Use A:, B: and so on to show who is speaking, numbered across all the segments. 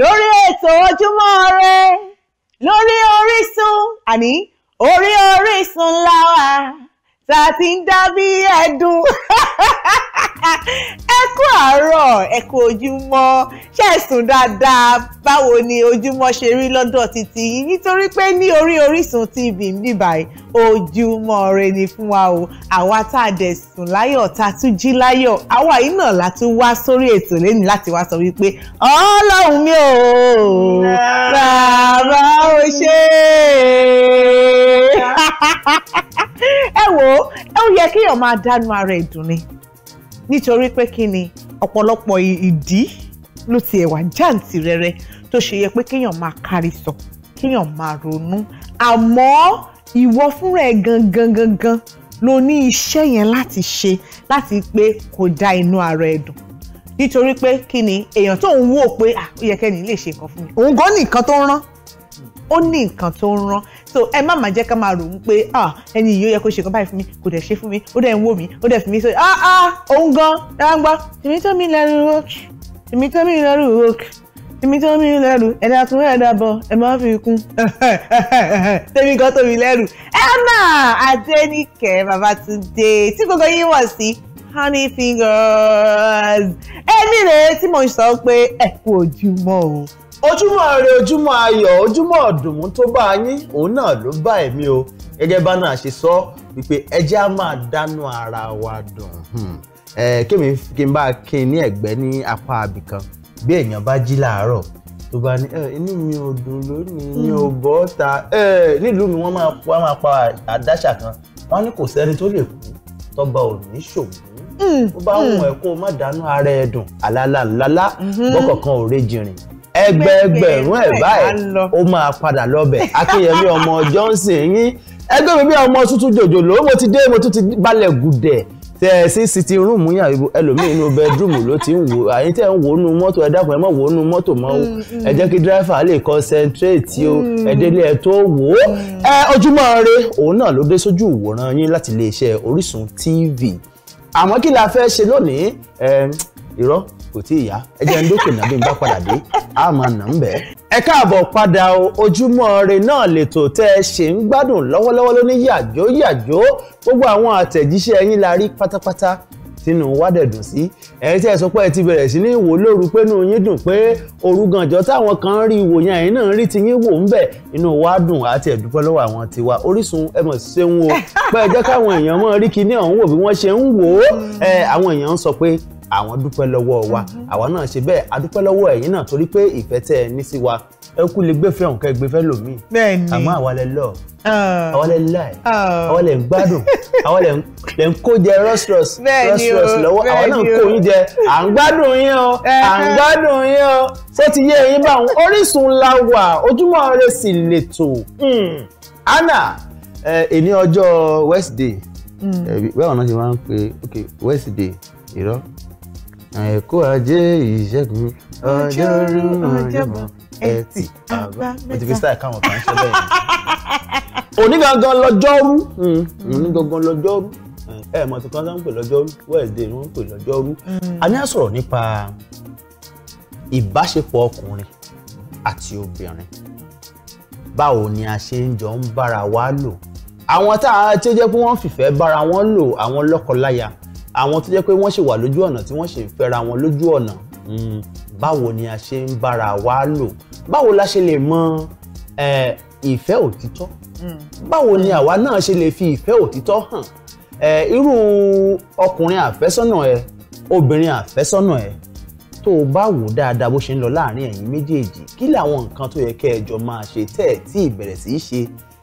A: lórí ètò ojúmọ́ ire lórí Orísun àní orí Orísun ńlá wa tá a ti ń dá bí ẹ̀dùn. ẹ kú àárọ̀ ẹ kú ojúmọ́ ṣẹ̀sùn dáadáa báwo ni ojúmọ́ ṣe rí lọ́dọ̀ títí yìí nítorí pé ní orí Orísun TV níbàyí ojúmọ́ ire ni fún wa o àwa tá a dẹ̀ sùn láyọ̀ tá a tún jí láyọ̀ àwa yìí náà la tún wá sórí ètò lẹ́nu láti wá sọ wípé ọlọ́run mi ò bàbá ò ṣe é. ẹ wò ó ó yẹ kéèyàn máa dánu ara ẹ̀ dùn ni nítorí pé kí ni ọ̀pọ̀lọpọ̀ ìdí ló ti ẹ̀wà jáǹtì rẹ̀rẹ̀ tó ṣe yẹ pé kéèyàn máa kárí sọ kéèyàn máa ronú àmọ́ ìwọ fúnra ẹ̀ gangan gangan ló ní iṣẹ́ yẹn láti ṣe láti pé kò dá inú ara ẹ̀ dùn nítorí pé kí ni èèyàn tó ń wò pé ó yẹ kẹ́ni lè ṣe nǹkan fún mi òun gan nìkan tó ń rán ó ní nǹkan tó ń rán so ẹ má má jẹ́ ká máa rò ó pé ah ẹni yìí ó yẹ kó ṣe kan báyìí fún mi kò dẹ̀ ṣe fún mi ó dẹ̀ ń wò mí ó dẹ̀ fi mí sọ ah ah òun gan ẹ wá ń gbọ́ tèmi tó mi lẹ́rù wọ́ọ̀kì tèmi tó mi lẹ́rù wọ́ọ̀kì tèmi tó mi lẹ́rù ẹ̀dá tún ẹ̀dá bọ̀ ẹ má fi kún tèmi kan tó mi lẹ́rù Emma Adéníkẹ́ Babátúndé tí gbogbo yín wọ̀ sí honey
B: fingers èmi rèé tí mo ń sọ pé ẹ kú ojúmọ́ o ojúmọ́ ire ojúmọ́ ayọ̀ ojúmọ́ ọ̀dùnmú tó bá yín òun náà ló bá èmi o gẹ́gẹ́ bá náà ṣe sọ wípé ẹjẹ́ á máa dánú ara wa dùn hmm. kémi kí n bá kí n ní ẹ̀gbẹ́ ní apá abìkan bí èèyàn bá jí làárọ̀ tó bá ní inú mi ò dùn lónìí mi ò hmm. bọ́ ta nílùú mi wọ́n máa pa àdáṣà kan wọ́n ní kò sẹ́ni tó lè kú tọ́ba ò ní ṣògùn hmm. ó bá wù ẹ́ kó má dánú ara ẹ dùn àlàlà ńlá mm-hmm. bọ́kọ̀ọ̀kan ò rejìnrìn ẹgbẹẹgbẹ̀rún ẹ̀ báyìí ó máa padà lọ́bẹ̀ akínyẹmí ọmọ johnson yín ẹgbẹ́ mi bí ọmọ tútù jòjòló mo ti dé mo tún ti balẹ̀ gùdẹ̀ tẹ ẹ sí sitting room yàn ẹlòmíì inú bẹẹdúrúmù ló ti ń wò àyín tẹ ń wò ó nu mọ́tò ẹ dákun ẹ mọ̀ wò ó nu mọ́tò mọ́ o mm, mm. ẹ jẹ́ kí dírẹ́fà lè concentrate o ẹ mm. délé ẹ tó wò ó ẹ ojúmọ́ ire òun náà ló dé sójú ìwòran yín láti iléeṣẹ́ Orísun TV àmọ́ kí la fẹ́ ṣe lónìí ẹ irọ́ kò tí ì yá ẹ ń dókè náà bí n bá padà dé a máa nà ń bẹ̀. ẹ káàbọ̀ padà o ojúmọ́ ire náà lètò tẹ́ ẹ ṣe ń gbádùn lọ́wọ́lọ́wọ́ ló ní yàjó yàjó gbogbo àwọn àtẹ̀jíṣẹ́ yín la rí pátápátá tínú wa dẹ̀ sí ẹ̀yin tí ẹ sọ pé ẹ ti bẹ̀rẹ̀ sí ní ìwò lóru pé inú yín dùn pé òru gànjọ́ táwọn kan rí ìwò yẹn ẹ̀yin náà rí tiyín wò ń bẹ̀ inú wa dùn àti ẹ̀dúpẹ́ lọ́wọ́ àwọn tiwa Orísun ẹ mọ̀ o pé ẹ káwọn èèyàn mọ̀ rí kíní ọ̀hún wò bí wọ́n ṣe ń wò ó àwọn èèyàn sọ pé àwọn dúpẹ́ lọ́wọ́ wa mhm. àwa náà ṣe bẹ́ẹ̀ adúpẹ́ lọ́wọ́ ẹ̀yin náà torí pé ìfẹ́ tẹ́ ẹ ní sí wa ẹ lè gbẹ́fẹ́ ọ̀hún gbẹ́fẹ́ lòmíì àmọ́ àwa lẹ lọ ah. àwa lẹ láì ah. àwa lẹ ń gbádùn àwa lẹ ń kó jẹ rọ́sírọ́s rọ́sírọ́s lọ́wọ́ àwa náà kó yín jẹ à ń gbádùn yín o à ń gbádùn yín o ṣé ti yé eyín báwọn Orísun la wà Ojúmọ́ Ire sì lètò hmm. Anna eh, èmi ọjọ́ Wednesday bẹ́ẹ̀ wọn náà ṣe máa ń pe Wednesday irọ́. You know? àìkú ajé ìṣẹ́gun ọjọ́rú ọjọ́bọ̀ ẹtì àbámẹ́ta O ti fi style káwọn kan ṣe bẹ́ẹ̀ òní gangan lọ́jọ́rú mm. òní gangan lọ́jọ́rú ẹ mọ̀ tí kan sáà ń pè lọ́jọ́rú Wednesday ni wọ́n ń pè lọ́jọ́rú mm. a ní à sọ̀rọ̀ nípa ìbáṣepọ̀ ọkùnrin àti obìnrin báwo ni a ṣe ń jọ ń bára wa lò àwọn tá a ti jẹ́ pé wọ́n fìfẹ́ bára wọn lò àwọn lọ́kọláya àwọn tó jẹ́ pé wọ́n ṣì wà lójú ọ̀nà tí wọ́n ṣì ń fẹ́ra wọn lójú ọ̀nà hmm, báwo ni a ṣe ń bára wa lò báwo la ṣe lè mọ ìfẹ́ òtítọ́ hmm. báwo ni àwa náà ṣe lè fi ìfẹ́ òtítọ́ hàn irú ọkùnrin àfẹ́sọ́nà ẹ obìnrin àfẹ́sọ́nà ẹ tó o bá wò dáadáa bó ṣe ń lọ láàrin ẹ̀yin méjèèjì kí làwọn nǹkan tó yẹ kẹ́ ẹ jọ máa ṣe tẹ́ ẹ tí ìbẹ̀rẹ̀ sí í ṣe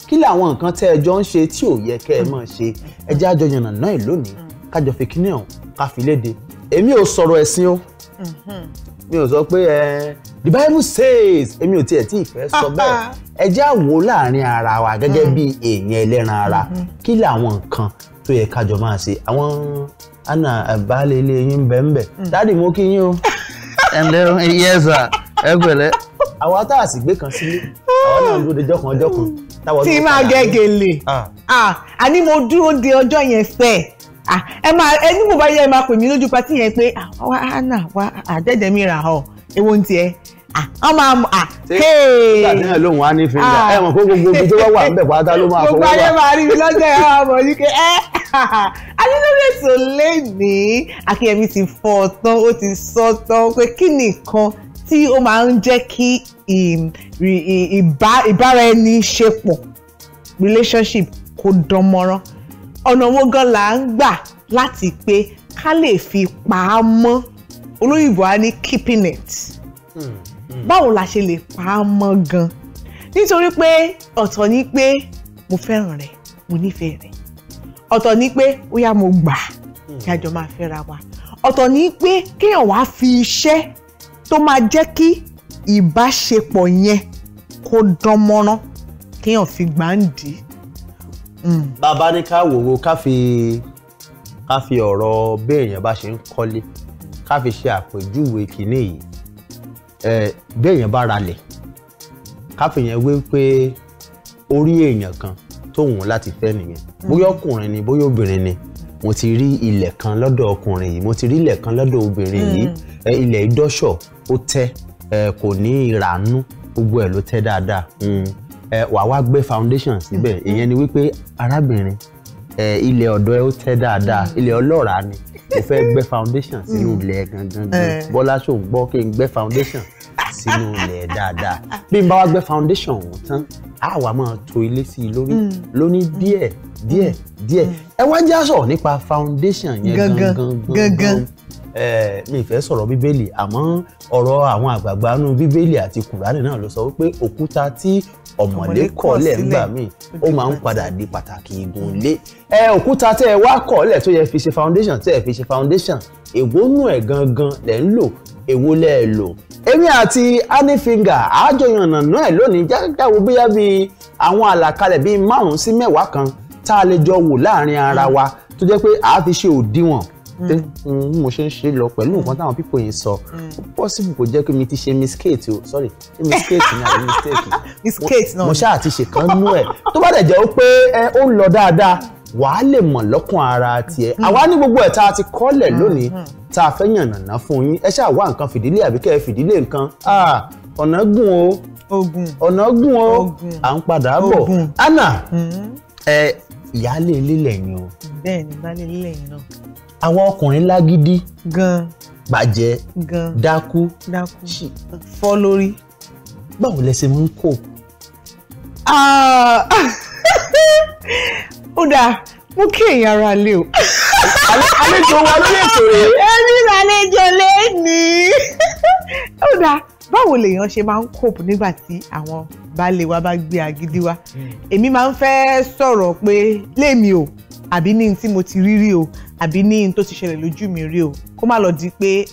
B: kí làwọn nǹkan tẹ́ ẹ jọ ń ṣe tí ò yẹ kẹ́ ẹ máa ṣe ẹ jẹ́ àjọyàn náà lónìí kájọ fi kíní ọ̀hún ká fi léde èmi ò sọ̀rọ̀ ẹ̀sìn o mi ò sọ pé ẹ the bible says èmi ò tiẹ̀ tí ì fẹ́ sọ bẹ́ẹ̀ ẹ jẹ́ àwò láàrin ara wa gẹ́gẹ́ bí èèyàn ẹlẹ́ran ara kí làwọn nǹkan tó yẹ kájọ máa ṣe àwọn àna àbálẹ̀ ilé yín bẹ́ẹ̀nbẹ́ẹ̀ dáàdì mo kí yín o ẹ̀ǹdẹ̀ yẹ́sà ẹ pẹ̀lẹ́. àwa tá a sì gbé kan sílé àwa náà ń dúró de jọ́kan tí máa gẹ gèlè
A: àní ah. ah, mo dúró de ọjọ́ yẹn fẹ́ẹ́. Ah, ẹ máa ẹni mo bá yẹ ẹ máa pè mí lójú patí yẹn pé ah, wá hánà wá àdẹ́dẹ́ ah, mi rà ọ ewo ń tiẹ̀ wọ́n máa mọ̀ à
B: kéè. nígbà tí náà lóun á ní fi ń ẹ mọ̀ pé gbogbo ibi tó bá wà ń bẹ̀ pátá ló máa fọwọ́ wà. gbogbo ayé máa rí mi lọ́jọ́ ẹ̀ wá mọ̀ ní
A: pé ẹ́ eh, ètò lẹ́ẹ̀ni akínyẹmí ti fọ́ ọ ó ti sọ tán pé kí nìkan tí ó máa ń jẹ́ kí ìbáraẹniṣepọ̀ relationship kó dán mọ́rán ọ̀nà wo gan la ń gbà láti pé ká lè fi pa á mọ́ olóyìnbó á ní keeping it hmm, hmm. báwo la ṣe lè pa á mọ́ gan nítorí pé ọ̀tọ̀ ni pé mo fẹ́ràn rẹ mo nífẹ̀ẹ́ rẹ ọ̀tọ̀ ni pé ó yá mo gbà hmm. kí a jọ máa fẹ́ra wa ọ̀tọ̀ ni pé kéèyàn wá fi iṣẹ́ tó máa jẹ́ kí ìbáṣepọ̀ yẹn kó dán mọ́rán kéèyàn fi gbà ń dì í Mm.
B: bàbá ní ká wòwò ká fi ká fi ọ̀rọ̀ béèyàn bá ṣe ń kọ́lé ká fi ṣe àpèjúwe kìíní yìí béèyàn bá ralẹ̀ ká fi yẹn wé pé orí èèyàn kan tóun láti fẹ́ nìyẹn mm. bóyá ọkùnrin ni bóyá obìnrin ni mo ti rí ilẹ̀ kan lọ́dọ̀ ọkùnrin yìí mo ti rí ilẹ̀ kan lọ́dọ̀ obìnrin yìí mm. ilẹ̀ ìdọ́ṣọ̀ ó tẹ́ kò ní ìrànú gbogbo ẹ̀ ló tẹ́ dáadáa wàá wá gbé foundation síbẹ̀ mm-hmm. ìyẹn ni wípé arábìnrin ilẹ̀ ọ̀dọ́ ẹ ó tẹ́ dáadáa mm-hmm. ilẹ̀ ọlọ́ràá ni mo fẹ́ gbé foundation sínú mm-hmm. ilẹ̀ gangan eh. bọ́lá ṣò ń gbọ́ kí n gbé foundation sínú ilẹ̀ dáadáa bí n bá wá gbé foundation ọ̀hún tán a wà máa to ilé sí i lórí mm. lóní díẹ̀ díẹ̀ mm. díẹ̀ mm. ẹ wá já sọ̀rọ̀ nípa foundation yẹn gangan gangan mi ì fẹ́ sọ̀rọ̀ bíbélì àmọ́ ọ̀rọ̀ àwọn àgbààgbà nínú bíbélì àti kùránì náà ló sọ wípé òkúta tí ọmọdé kọ̀ọ̀lẹ̀ ńgbà míì ó máa ń padà di pàtàkì igun ilé. ẹ òkúta tẹ ẹ wá kọ̀ọ̀lẹ̀ tó yẹ fi ṣe foundation tẹ ẹ fi ṣe foundation ègbónú ẹ̀ gangan lẹ̀ ń lò èwo lẹ̀ ẹ lò. èmi àti anifinga àjọyàn nànà ẹ̀ lónìí jákèjáwo bóyá bíi àwọn àlàkalẹ̀ bíi márùn-ún sí mẹ́wàá kan tá a lè jọ wò láàrin ara wa tó jẹ́ pé àá fi ṣe òdiwọ̀n Mm. mo ṣe ń ṣe lọ pẹ̀lú nǹkan mm. táwọn pípò yẹn sọ mm. possible kò jẹ́ pé mi ti ṣe mistake o sorry ṣe mistake ni àbí mistake mistake náà mo ṣáà ti ṣe kan nú ẹ̀ tó bá dẹ̀ jẹ́ ó pé ó ń lọ dáadáa wàá lè mọ̀ lọ́kàn ara tiẹ̀ àwa ní gbogbo ẹ̀ tá a ti kọ́lẹ̀ lónìí tá a fẹ́ yànnàná fún yín ẹ ṣáà wá nǹkan fìdílé àbí kẹ́ ẹ fìdílé nǹkan ọ̀nà gùn o ogun ọ̀nà gùn o à ń padà bọ̀ Anna ìyáálé ilé lẹ́yìn o
A: bẹ́ẹ̀ ni ìyáálé ilé lẹ́yìn náà
B: àwọn ọkùnrin lágídí. gan. bàjẹ́. gan. dákú. dákú. fọ́ lórí. báwo lẹ ṣe mú kó. Ah!
A: ó dáa mú kí èèyàn ara lé o. àlejò wa lórí ètò rẹ. ẹni àlejò lè ní. ó dáa báwo lèèyàn ṣe máa ń cope nígbà tí àwọn baálé wa bá gbé agídí wa hmm. èmi máa ń fẹ́ sọ̀rọ̀ pé lémi o àbí ní tí mo ti rí rí o àbí ní tó ti ṣẹlẹ̀ lójú mi rí o kó má lọ di pé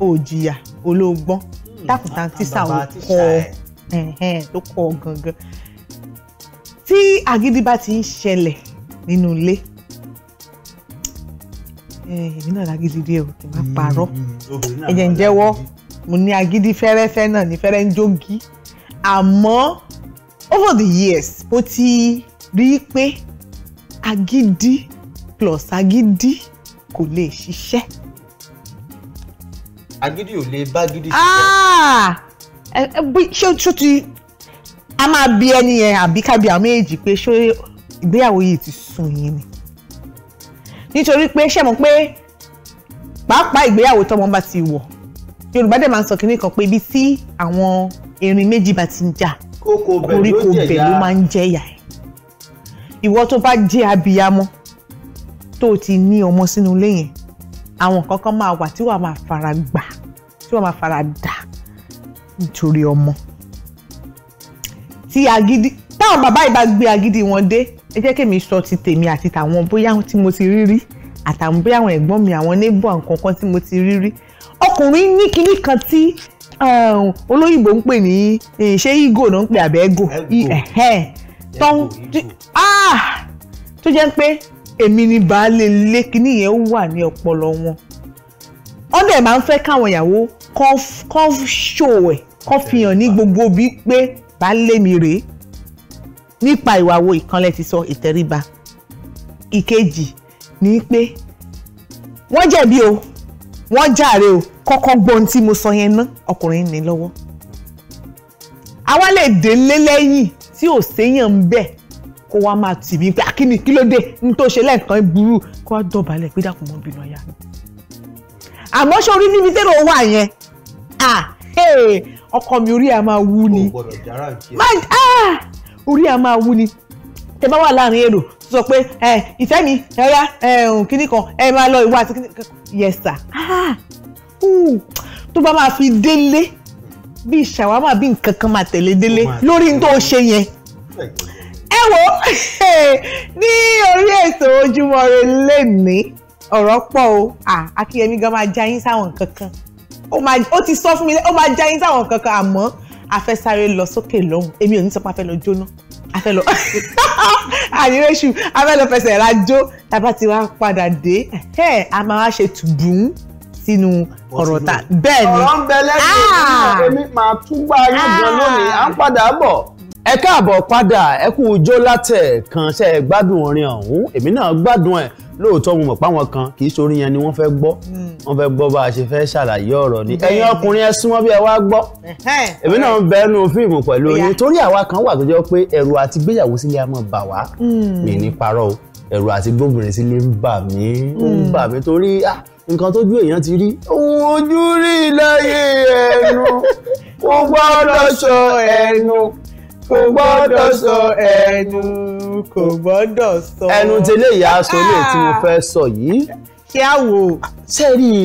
A: ó jìyà olóògbọ́n dákùntà tíṣà ò kọ́ tó kọ́ gangan tí agídí bá ti ń ṣẹlẹ̀ nínú ilé èmi náà lágídí díẹ̀ o kì í má hmm, parọ́ hmm, ẹ̀jẹ̀ ń jẹ́wọ́ mo ní agídí fẹ́rẹ́fẹ́ náà ní fẹ́rẹ́ ń jógi àmọ́ over the years mo ti rí pé agídí plus agídí kò lè ṣiṣẹ́.
B: agídí ò lè bá gidi ṣiṣẹ́.
A: Ah! ṣé ṣó ti a máa bi ẹni yẹn àbí kábi àwọn méjì pé ṣé ìgbéyàwó yìí ti sùn yín ni nítorí pé ṣé mo pé pàápàá ìgbéyàwó tọmọ bá ti wọ̀ yorùbá dẹ̀ máa ń sọ kínní kan pé ibi tí àwọn erin méjì bá ti ń jà
B: koríko bẹ̀ ló máa
A: ń jẹ́ ìyá ìwọ tó bá jẹ́ abiyamọ tó o ti ní ọmọ sínú ilé yẹn àwọn kankan máa wà tí wàá máa fara gbà tí wàá máa fara dà nítorí ọmọ tí agídí táwọn bàbá yìí bá gbé agídí wọn dé ẹ jẹ́ kí èmi sọ ti tèmi àti tàwọn bóyá tí mo ti rí rí àtàwọn bóyá àwọn ẹ̀gbọ́n mi àwọn neighbor nǹkan kan tí mo ti rí rí ọkùnrin ní kinní kan tí eh, olóyìnbó ń pè ní eh, ṣé ego náà ń pè àbẹ́ ego tọ́hún ah! tó jẹ́ pé èmi ni baálé ilé kíní yẹn wà ní ọpọlọ wọn wọ́n dẹ̀ máa ń fẹ́ káwọn ìyàwó kọ́ ṣò ẹ̀ kọ́ fi hàn ní gbogbo bí pé baálé mi rèé nípa ìwàwo ìkànlẹ̀ ti sọ ìtẹríba ìkejì ni pé wọ́n jẹ̀bi o wọ́n jàre o kọ́kọ́ gbọ́ ohun tí mo sọ yẹn ná ọkùnrin ní lọ́wọ́ àwa lè délé lẹ́yìn tí ò séèyàn ń bẹ̀ kó wá máa tì mí pé akíní ah, kí ló dé ní tó ṣe lẹ́ẹ̀kan burú kó wá dọ̀bálẹ̀ pé dàpọ̀ mọ́ bínú ọ̀yà mi. àmọ́ ṣe orí níbi tẹ́lẹ̀ ó wà yẹn ah, ọkọ mi orí a máa wú ni ah, orí a máa wú ni tẹ bá wà láàrin èrò tó sọ pé eh, ìfẹ́ mi ẹ̀yà kínní kan ẹ máa lọ ìwà àti kínní kan yẹ̀sà tó bá máa fi délé bí ṣàwámà bí nǹkan kan máa tẹ̀lé délé lórí n tó ṣe yẹn ẹ wo ní orí ètò ojúmọ́ re lẹ́ni ọ̀rọ̀ pọ̀ o akínyẹmí gan máa já yín sáwọn nǹkan kan ó ti sọ fún mi ó máa já yín sáwọn nǹkan kan àmọ́ a fẹ́ sáré lọ sókè lọ́hùn èmi ò ní sọ pé a fẹ́ lọ jóná a fẹ́ lọ àyírẹ́sù a fẹ́ lọ fẹsẹ̀ rajó tàbá ti wá padà dé a máa ṣe
B: tùbùn sínú ọ̀rọ̀ ta bẹ́ẹ̀ ni. ọ̀rọ̀ ń bẹ lẹ́yìn ah! èmi máa túgbà yín gan ah! lónìí à ń padà bọ̀. ẹ káàbọ̀ padà ẹ kú ijó látẹ̀ kan ṣe é gbádùn orin ọ̀hún èmi náà gbádùn ẹ̀ lóòótọ́ mo mọ̀ páwọn kan kì í ṣorí yẹn ni wọ́n fẹ́ gbọ́ hmm. wọ́n fẹ́ gbọ́ bá a ṣe fẹ́ ṣàlàyé ọ̀rọ̀ ni ẹ̀yin ọkùnrin ẹ súnmọ́ bí ẹ wá gbọ́ èmi náà ń bẹnu fíìmù pẹ̀lú yín torí àwa kan wà tó jẹ́ pé ẹ̀rù àti gbéyàwó sílé a máa bà wá hmm. mi ní parọ́ ẹ̀rù àti gbóbìnrin sílé ń bà mí ń hmm. bà mí torí ah nǹkan tójú èèyàn ti rí. òun ojú rí láyé ẹnu kò gbọ́dọ̀ sọ ẹnu kò gbọ́dọ̀ sọ ẹnu kò gbọ́dọ̀ sọ. ẹnu tẹ́lẹ̀ ìyá aṣọ ilé tí mo ah. fẹ́ sọ yìí. kí á wò. ṣé rí i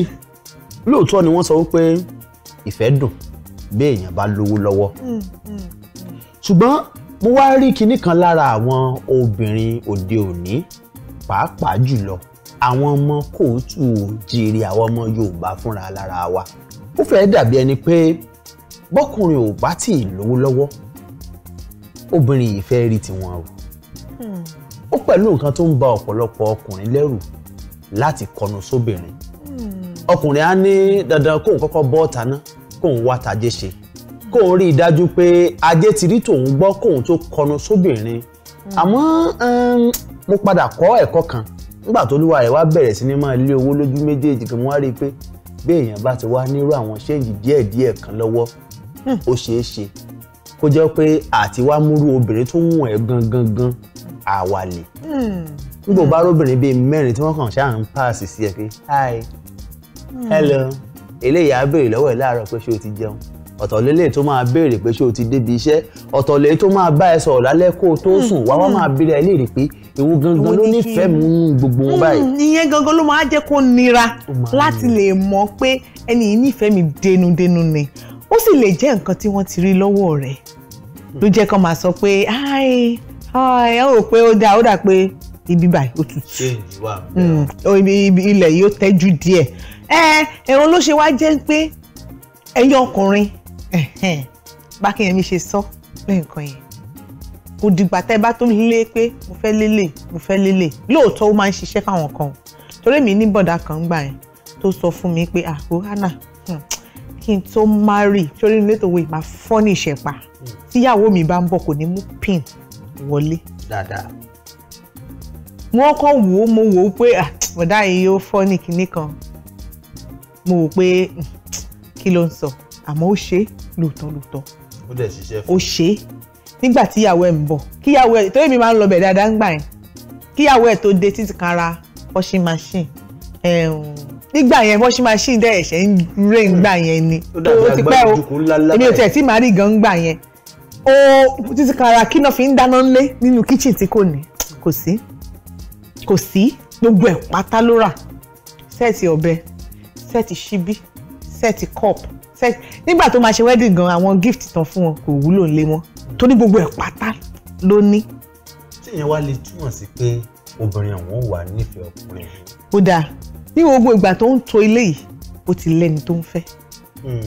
B: lóòótọ́ ni wọ́n sọ wípé ìfẹ́ dùn bí èèyàn bá lówó lọ́wọ́.
C: Hmm, hmm.
B: ṣùgbọ́n mo wá rí kinní kan lára àwọn obìnrin òde òní pàápàá jùlọ àwọn ọmọ kóòtù òjìrì àwọn ọmọ Yorùbá fúnra lára wa ó fẹ́ẹ́ dàbí ẹni pé bọ́kùnrin ò bá tì í lówó lọ́wọ́ obìnrin yìí fẹ́ rí tiwọn o hmm. ó pẹ̀lú nǹkan tó ń ba ọ̀pọ̀lọpọ̀ ọkùnrin lẹ́rù láti kọnu sóbìnrin hmm. ọkùnrin á ní dandan kóun kọ́kọ́ bọ́ ọ̀tá ná kóun wá tajé ṣe hmm. kóun rí i dájú pé ajé ti rí tòun gbọ́ kóun tó kọnu sóbìnrin àmọ́ ehm, mo padà kọ́ ẹ̀kọ́ kan nígbà tó lúwa rẹ̀ wá bẹ̀rẹ̀ sí ní máa lé owó lójú méjèèjì kan wá rí i pé bí èèyàn bá ti wá nírú àwọn ṣéǹjì díẹ̀díẹ̀ kan lọ́wọ́ hmm. ó ṣeé ṣe kó jẹ́ pé àti wá múrú obìnrin tó wù ẹ́ gangan gan àwàlè hmm. nígbà hmm. bá róbìnrin bíi mẹ́rin tí wọ́n kàn ṣáà ń páàsì sí ẹ pé hi hello eléyìí á béèrè lọ́wọ́ ẹ̀ láàárọ̀ pé ṣé o ti jẹun ọ̀tọ̀ lélẹ̀ tó máa béèrè pé ṣé o ti débi iṣẹ́ ọ̀tọ̀ lè tó máa bá ẹ sọ̀rọ̀ lálẹ́ kó o tó sùn wá wá máa bèrè ẹ léèrè pé èwo gangan ló nífẹ̀ẹ́ mú gbogbo wọn hmm, báyìí.
A: ìyẹn gangan ló máa jẹ́ kó nira láti lè mọ̀ pé ẹni yìí nífẹ̀ẹ́ mi dénúdénú ni ó sì lè jẹ́ nǹkan tí wọ́n ti rí lọ́wọ́ rẹ̀ ló jẹ́ kó máa sọ pé ai ai ó rò pé ó dáa ó dà pé ibi báyìí ó tutù hmm, ilẹ̀ yìí ó tẹ́jú díẹ̀ ẹ ẹ̀hún ló ṣe wá jẹ́ pé ẹ̀yin ọkùnrin bákẹ́yẹmí ṣe sọ lẹ́yìn kan yẹn kò dìgbà tẹ́ bá tó lé pé mo fẹ́ lélẹ̀ mo fẹ́ lélẹ̀ lóòótọ́ ó máa ń ṣiṣẹ́ fáwọn kan torí mi ní bọ̀dà kan gbà yẹn tó sọ fún mi pé àgbo hannah hmm, kí n tó marry torí ilé tó wé máa fọ́nì ìṣẹ̀pà tíyàwó mi bá ń bọ̀ kò ní mú pin wọlé. dáadáa. wọ́n kọ́ wò ó mo wò ó pé bọ̀dá yìí yóò fọ́nì kinní kan mo wò pé hmm, kí ló ń sọ àmọ́ ó ṣe lóòótọ́ lóòótọ́. ó ṣe é nígbà tíyàwó ẹ̀ ń bọ̀ kíyàwó ẹ̀ torí mi máa ń lọ bẹ̀ dáadáa ń gbà yẹn kíyàwó ẹ̀ tó dé títí kan ra washing machine nígbà yẹn washing machine dẹ́ ẹ̀ṣẹ̀ ń rè ń gbà yẹn ni ó ti pẹ́ o èmi ò tẹ̀ tí màá rí gan gbà yẹn ó títí kan ra kí náà fi ń dáná ńlé nínú kitchen tí kò ní kò sí kò sí gbogbo ẹ̀ pátá ló rà sẹ́ẹ̀tì ọ̀bẹ sẹ́ẹ̀tì ṣíbí sẹ́ẹ̀tì cup sẹ́ẹ̀tì nígbà tó máa ṣe wedding gan àwọn gift tán fún wọn kò wúlò ńlé wọn tó ní gbogbo ẹ̀ pátá ló ní.
B: tí ìyẹn wá lè túmọ̀ sí pé obìnrin àwọn wà nífẹ̀ẹ́ ọkùnrin.
A: ó dáa ní gbogbo ìgbà tó ń to ilé yìí ó ti lẹ́ni tó ń fẹ́. Hmm.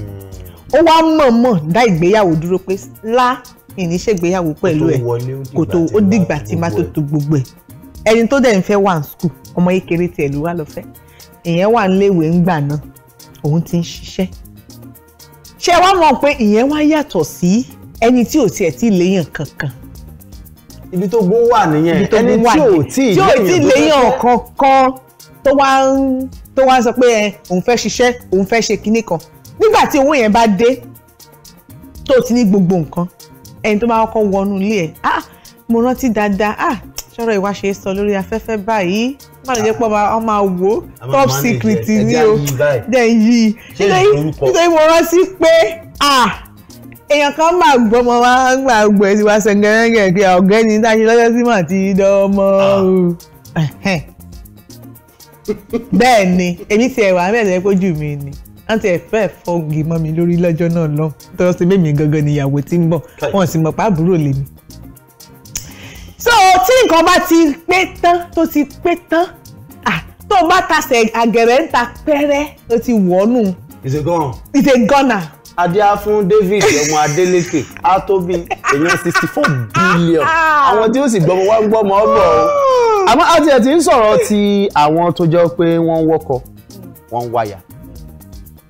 A: ó wá mọ̀ọ́mọ̀ dá ìgbéyàwó dúró pé lá ìníṣègbéyàwó pẹ̀lú ẹ̀ kò tó ó dìgbà tí má tó tó gbogbo ẹ̀ ẹni tó dẹ̀ ń fẹ́ wà ní skul ọmọ kékeré tiẹ̀ ló wá lọ fẹ́ ìyẹn wà níléèwé ńgbà náà òun ti ń ṣiṣẹ́ ṣé wàá mọ̀ pé ìyẹn wá yàtọ̀ sí ẹni tí ò tiẹ̀ tí léèyàn kankan.
B: ibi tó gbó wà nìyẹn ẹni tí ò tí ì léèyàn
A: kankan tó wá ń tó wá ń sọ pé ẹ òun fẹ́ ṣiṣẹ́ òun fẹ́ ṣe kinní kan nígbà tí owó yẹn bá dé tó ti ní gbogbo nǹkan ẹni tó bá kọ́kọ́ wọnú ilé ẹ̀ ah mo rántí dáadáa ah sọ̀rọ̀ ìwà ṣe é sọ lórí afẹ́fẹ́ báyìí má lè jẹ́ pé wọ́n máa wò top secret ni o dẹ̀ yìí nítorí mo rántí pé ah èèyàn kan máa gbọmọ wa máa gbọ ẹ sí wa sẹ̀ǹgẹ̀rẹ̀ǹgẹ̀ pé ọ̀gbẹ́ni táṣe lọ́jọ́ sí mà ti ah. o bẹ́ẹ̀ ni èmi ti ẹ̀wà mẹ́ẹ̀lẹ́ pójú mi ni wọ́n ti ẹ̀fẹ́ fọ́ọ̀gì mọ́ mi lórí lọ́jọ́ náà lọ tọ́jọ́ sí mẹ́mi gangan níyàwó tí ń bọ̀ wọ́n sì mọ̀ pàbúrò lèmi. so tí nǹkan bá ti pé tán tó ti pé tán tó bá tasẹ̀ àgẹ̀rẹ̀ ń ta pẹ́rẹ́ ó ti wọ́nù. is a gun. is a gunner."
B: adíá fún David ọmọ Adeleke á tó bí èèyàn sixty four billion àwọn tí ó sì gbọmọ wá ń gbọmọ ọgbọ o àmọ́ àti ẹtì ń sọ̀rọ̀ ti àwọn tó jẹ́ pé wọ́n ń wọkọ wọ́n ń wáyà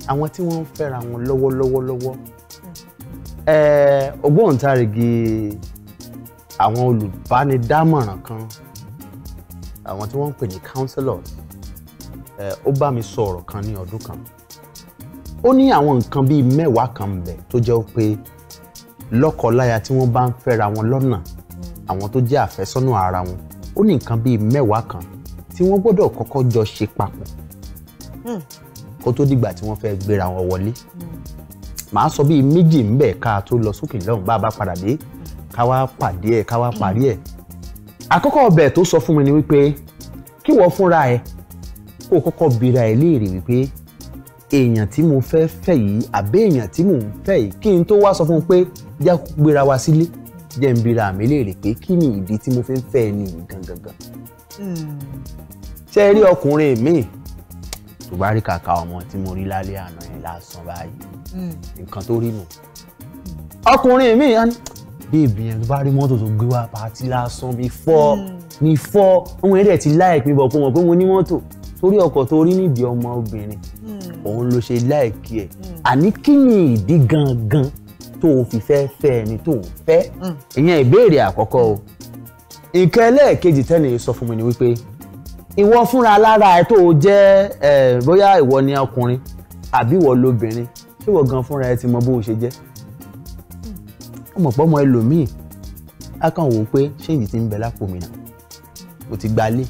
B: àwọn tí wọ́n ń fẹ́ra wọn lọ́wọ́lọ́wọ́ lọ́wọ́ ògbóǹtarìgì àwọn olùbánidámọ̀ràn kan àwọn tí wọ́n ń pè ní counselors ó bá mi sọ ọ̀rọ̀ kan ní ọdún kan ó ní àwọn nǹkan bíi mẹ́wàá kan bẹ̀ tó jẹ́ pé lọ́kọláya tí wọ́n bá ń fẹ́ra wọn lọ́nà àwọn tó jẹ́ àfẹ́sọ́nà ara wọn ó ní nǹkan bíi mẹ́wàá kan tí wọ́n gbọ́dọ̀ kọ́kọ́ jọ ṣe papọ̀ hmm. kó tó dìgbà tí wọ́n fẹ́ gbéra wọn wọlé màá sọ bíi méjì ń bẹ̀ ká tó lọ sókè lọ́hùn bá a bá padà dé ká wá pàdé ẹ̀ ká wá parí ẹ̀ àkọ́kọ́ ọbẹ̀ tó sọ fún mi ni wípé kí wọ́n fúnra ẹ̀ kó kọ́kọ́ bira ẹ̀ léèrè wípé èèyàn tí mo fẹ́ fẹ́ yìí àbẹ́ èèyàn tí mò ń fẹ́ yìí kí n tó wá sọ fún un pé jẹ́ gbéra wa sílé jẹ́ n bira àmì léèrè pé kí ni ìdí tí mo fi fẹ́ ẹni yìí gangan. ṣé ẹ rí ọkùnrin mi tó bá rí kàkà ọmọ tí mo rí lálẹ́ àná yẹn lásán báyìí nǹkan tó rí nù. ọkùnrin mi bí ìbìyẹn tó bá rí mọ́tò tó gbé wá pàtí lásán bí fọ́ ní fọ́ òun ẹ̀rẹ̀ ti láì pín bọ̀ fún wọn pé mo ní mọ́tò torí ọkọ̀ tó rí nídìí ọmọ obìnrin Hmm. òun ló ṣe láìkí ẹ̀ hmm. àní kí ni ìdí gangan tó o fi fẹ́ fẹ́ ẹni tó o fẹ́ hmm. ìyẹn ìbéèrè àkọ́kọ́ o nǹkan ẹlẹ́ẹ̀kejì tẹ́lẹ̀ sọ fún mi ni wípé ìwọ fúnra lára ẹ tó o jẹ́ bóyá ìwọ ni ọkùnrin àbí ìwọ lóbìnrin ṣé ìwọ gan fúnra ẹ ti mọ bó o ṣe jẹ́ ọmọ pọ́ mọ ẹlòmíì á kàn wò ó pé ṣé èyí ti ń bẹ lápò mi náà mo ti gbalé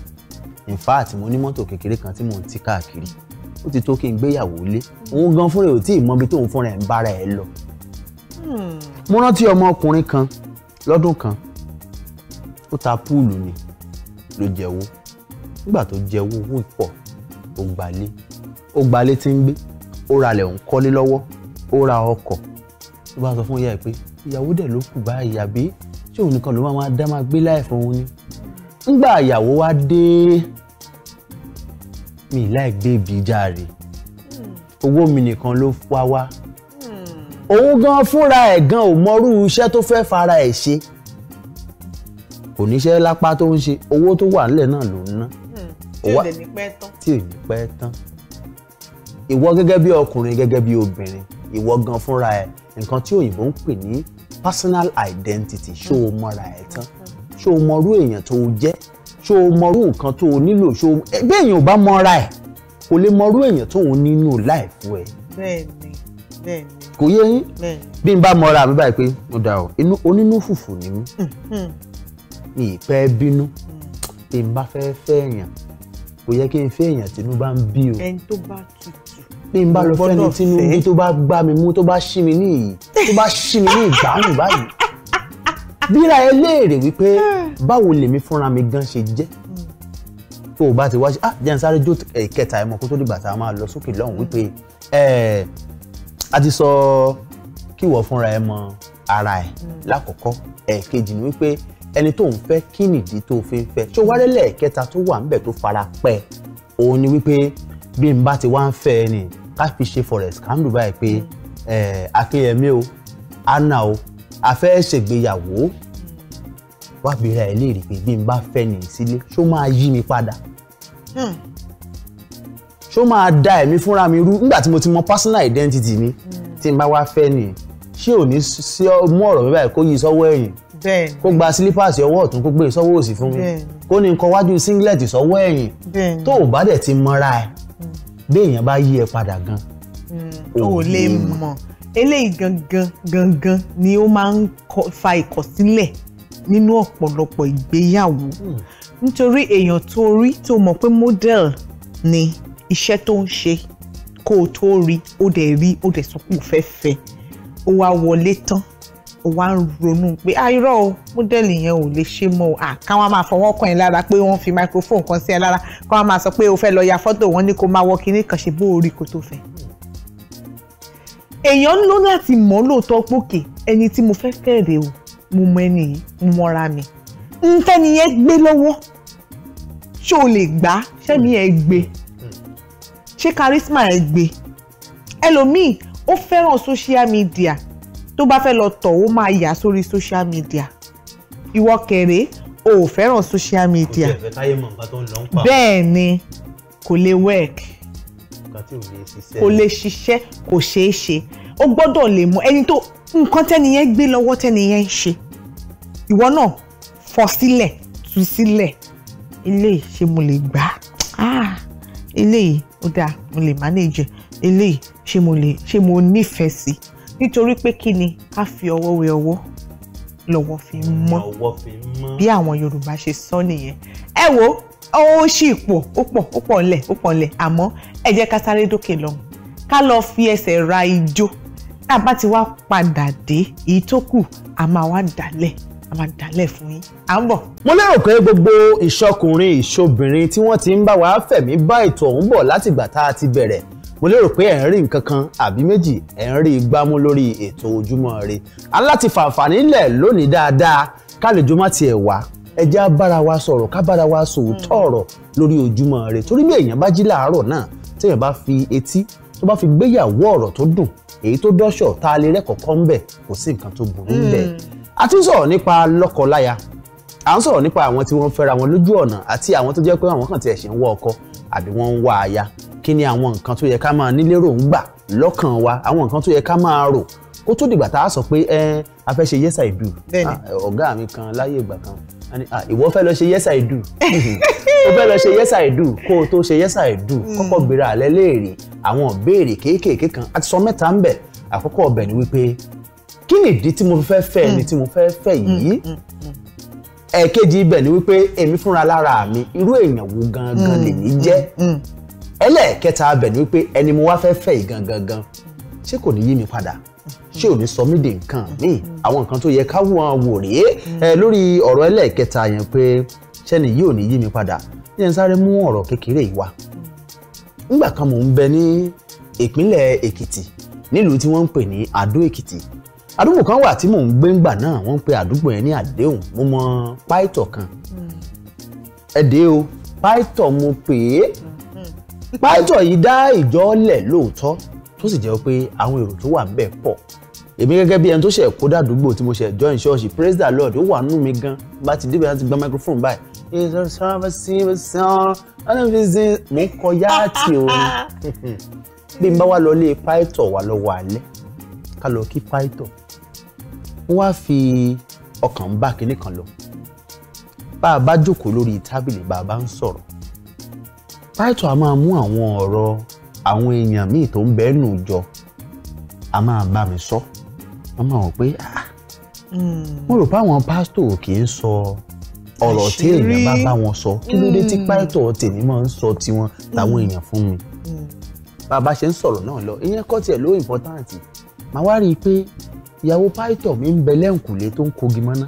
B: in fact mo ní mọ́tò kékeré kan tí mò ń ti káàkiri. Mm ó ti tó kí n gbéyàwó lé òun gan fúnra ẹ̀ ò tí ì mọ ibi tóun fúnra ẹ̀ ń bára ẹ̀ lọ. Hmm. mo rántí ọmọ ọkùnrin kan lọ́dún kan ó ta púùlù ni ló jẹ́wó nígbà tó jẹ́wó owó ìpọ̀ ó gbalé ó gbalé tí ń gbé ó ralẹ̀ òun kọ́lé lọ́wọ́ ó ra ọkọ̀ ó bá sọ fún ìyá ẹ̀ pé ìyàwó dẹ̀ ló kù báyìí àbí ṣé òun nìkan ló máa dá máa gbé láì fún òun ni. nígbà ìyàwó wá dé mi like gbé ibi járe owó mi nìkan ló wá wá òun gan fúnra ẹ̀ gan ò mọrú iṣẹ́ tó fẹ́ fara ẹ̀ ṣe kò níṣẹ́ lápá tó ń ṣe owó tó wà nílẹ̀ náà ló ń ná tí ò lè ní pẹ́ tán tí ìwọ gẹ́gẹ́ bí ọkùnrin gẹ́gẹ́ bí obìnrin ìwọ gan fúnra ẹ̀ nǹkan tí òyìnbó ń pè ní personal identity ṣó o mọra ẹ̀ tán ṣó o mọrú èèyàn tó o jẹ́ ṣó o mọrú nǹkan tó o nílò ṣó o béèyàn ò bá mọra ẹ̀ kò lè mọrú èèyàn tó o nínú láìfù ẹ̀.
C: bẹ́ẹ̀ni bẹ́ẹ̀ni.
B: kò yé yín bí n bá mọra mi báyìí pé mo dà o inú onínú fùfù ni mí hmm, hmm. mi ì fẹ́ bínú hmm. bí n bá fẹ́ fẹ́ èèyàn kò yẹ kí n fẹ́ èèyàn tínú bá ń bí o. ẹni tó bá tutù bí n bá lọ fẹ́ni tínú bí tó bá gbá mi mú tó bá ṣí mi ní ìyí mi báyìí bíra ẹ léèrè wípé hmm. báwo lèmi fúnra mi gan ṣe jẹ́ tó o bá ti wá ṣe ah jẹ́ n sáré jó ìkẹta ẹ̀ mọ́ kó tó dìgbà tá a máa lọ sókè lọ́hùn wípé ẹ̀ a ti sọ kí ìwọ fúnra ẹ mọ ara ẹ lákọ̀ọ́kọ́ ẹ̀ẹ̀kejì ni wípé ẹni tó ń fẹ́ kí nìdí tó fi ń fẹ́ ṣó wáré lẹ́ẹ̀kẹta tó wà ńbẹ̀ tó fara pẹ́ òun ni wípé bí n bá ti wá ń fẹ́ ẹ nì ká fi ṣe forest candle báyìí pé Akínyẹmí o Anna o àfẹ́ ṣègbéyàwó wá bìíra ẹ̀ léèrè pé bí n bá fẹ́ ní sílé ṣó máa yí mi padà hmm. ṣó máa da ẹ̀mí fúnra mi rú nígbà tí mo ti mọ personal identity mi tí n bá wá fẹ́ ní ṣé ò ní sí mú ọ̀rọ̀ mi báyìí kó yí sọ́wọ́ ẹ̀yìn kó gba sílípàsì ọwọ́ ọ̀tún kó gbé e sọ́wọ́ òsì fún mi kó ní nǹkan wájú singlet sọ́wọ́ ẹ̀yìn tó o bá dẹ̀ ti mọ́ra ẹ̀ hmm. bí èèyàn bá yí ẹ padà gan. Hmm. o ò lè
A: mọ̀ eléyìí gangan gangan ni ó máa ń fa ìkọ̀sílẹ̀ nínú ọ̀pọ̀lọpọ̀ ìgbéyàwó hmm. nítorí èèyàn tó rí tó mọ̀ pé model ni iṣẹ́ tó ń ṣe kó o tó rí ó dẹ̀ rí ó dẹ̀ sọ pé ó fẹ́ fẹ́ ó wá wọlé tán ó wá ń ronú pé ah, irọ́ o model yẹn ò lè ṣe mọ́ o ah, káwọn máa fọwọ́ kan ẹ̀ lára pé wọ́n fi microphone kan sí ẹ lára káwọn máa sọ pé o fẹ́ lọ ya fọ́tò wọn ní kó máa wọ kinní kan ṣe bó o rí kó tó fẹ́ èèyàn ń lò láti mọ̀ lóòótọ́ pókè ẹni tí mo fẹ́ fẹ́rẹ̀ o mo mọ ẹni yìí mo mọra mi ń fẹ́ni yẹn gbé lọ́wọ́ ṣé o lè gbá ṣẹ́mi ẹ̀ gbé ṣé charisma ẹ̀ gbé ẹlòmíì ó fẹ́ràn social media tó bá fẹ́ lọ tọ̀ ó máa yà sórí social media ìwọ kẹrẹ o ò fẹ́ràn social media bẹ́ẹ̀ ni kò lè work
B: nǹkan tí ò lè ṣiṣẹ́. kò lè
A: ṣiṣẹ́ kò ṣeé ṣe ó gbọ́dọ̀ lè mú ẹni tó nǹkan tẹ́niyẹn gbé lọ́wọ́ tẹ́niyẹn ń ṣe ìwọ náà fọ sílẹ̀ tú sílẹ̀ eléyìí ṣé mo lè gbà á eléyìí ah, ó dáa mo lè manage eléyìí ṣé mo lè ṣé mo nífẹ̀ẹ́ sí nítorí pé kí ni ká fi ọwọ́ wẹ ọwọ́ lọ́wọ́ fi mọ́ bí àwọn Yorùbá ṣe sọ nìyẹn ẹ wo ó ṣì pọ̀ ó pọ̀ ó pọ̀ ńlẹ̀ ó pọ̀ ńlẹ̀ àmọ́ ẹ jẹ́ ká sáré dókè lọ́hùn ká lọ fi ẹsẹ̀ ra ijó tá a bá ti wá padà dé èyí tó kù a máa wá dálẹ̀ a máa dálẹ̀ fún yín
B: à ń bọ̀. mo lérò pé gbogbo ìṣọkùnrin ìṣobìnrin tí wọ́n ti ń bá wa fẹ̀mí bá ètò ọ̀hún bọ̀ látìgbà tá a ti bẹ̀rẹ̀ mo lérò pé ẹ̀ ń rí nǹkan kan àbí méjì ẹ̀ ń rí igbámú lórí ètò ojúmọ́ ire aláti fàǹfààní lẹ̀ lónìí dáadáa ká lè jọ má tiẹ̀ wá ẹ jẹ́ á bára wa sọ̀rọ̀ ká bára wa sòótọ́ mm. ọ̀rọ̀ lórí Ojúmọ́ Ire torí bí èèyàn bá jí láàárọ̀ náà téèyàn bá fi etí tó bá fi gbéyàwó ọ̀rọ̀ tó dùn èyí tó dọ́ṣọ̀ tá a lè rẹ́kọ̀ọ́kọ́ ń bẹ̀ kò sí nǹkan tó burú ń bẹ̀. Mm. a ti ń sọ̀rọ̀ nípa lọ́kọ-láya à ń sọ̀rọ̀ nípa àwọn tí wọ́n fẹ́ra wọn lójú ọ̀nà àti àwọn tó jẹ́ pé àwọn kan tiẹ̀ ṣe ń wá ọkọ àbí wọ́n ń wá aya kí ni àwọn nǹkan tó yẹ ká máa nílérò ń gbà lọ́kàn wa àwọn nǹkan tó yẹ ká máa rò kó tó dìgbà tá a sọ pé ẹ a fẹ́ ṣe yẹ́sà ìbí ah, ọ̀gá mi kan láyé ìgbà kan Ah, ìwọ fẹ́ lọ ṣe yes i do o fẹ́ lọ ṣe yes i do kó o tó ṣe yes i do hmm. kọ́kọ́ bèrè alẹ́ léèrè àwọn béèrè kéékèèké kan àti sọ mẹ́ta ń bẹ̀ àkọ́kọ́ ọbẹ̀ ni wípé kí ni ìdí tí mo fẹ́ fẹ́ ẹni hmm. tí mo fẹ́ fẹ́ hmm, yìí ẹ̀ẹ̀kejì ibẹ̀ ni wípé èmi fúnra lára mi irú èèyàn wo gangan lèmi jẹ́ ẹlẹ́ẹ̀kẹta abẹ̀ ni wípé ẹni mo wá fẹ́ fẹ́ yìí gangan ṣé kò ní yí mi padà ṣé ò ní sọ mí di nǹkan míì àwọn nǹkan tó yẹ káwọn wò rèé lórí ọ̀rọ̀ ẹlẹ́ẹ̀kẹta yẹn pé ṣẹ́ni yìí ní yí mi padà yẹn sáré mú ọ̀rọ̀ kékeré yìí wá nígbà kan mò ń bẹ ní ìpínlẹ̀ Èkìtì nílùú tí wọ́n ń pè ní Adó Èkìtì àdúgbò kan wà tí mò ń gbé ńgbà náà wọ́n ń pe àdúgbò yẹn ní àdéhùn mo mọ páìtọ̀ kan ẹ̀dẹ́ o páìtọ̀ mo pè é mm-hmm. páìtọ̀ yìí dá ìjọ lẹ̀ lóòótọ́ tó sì jẹ́ pé àwọn èrò tó wà ńbẹ̀ pọ̀ èmi gẹ́gẹ́ bí ẹni tó ṣe kó dàdúgbò tí mo ṣe join ṣọ́ọ̀ṣì praise the lord ó wà nù mí gan bá ti débẹ̀ láti gba microphone báyìí mo ń kọjá àti orin bí n bá wà lọ lé pàìtọ̀ wà lọ́wọ́ alẹ́ ká lọ kí pàìtọ̀ wọ́n wá fi ọkàn ń bá kinní kan lọ bá a bá jókòó lórí tábìlì bá a bá ń sọ̀rọ̀ pàìtọ̀ a máa mú àwọn ọ̀rọ̀ àwọn èèyàn míì tó ń bẹ́ẹ̀ jọ a máa bá mi sọ wọ́n máa wọ̀ pé ah. hmm. mo rò pé àwọn pásítọ̀ kì í sọ ọ̀rọ̀ tí èèyàn bá bá wọn sọ kí ló dé tí hmm. pásítọ̀ tèmi máa ń sọ tiwọn hmm. táwọn èèyàn fún mi bàbá ṣe ń sọ̀rọ̀ náà lọ ìyẹn kọ́ tiẹ̀ ló ìmpọ́táǹtì màá wá rí i pé ìyàwó pásítọ̀ mi ń bẹ lẹ́ǹkùlé tó ń kogi mọ́ná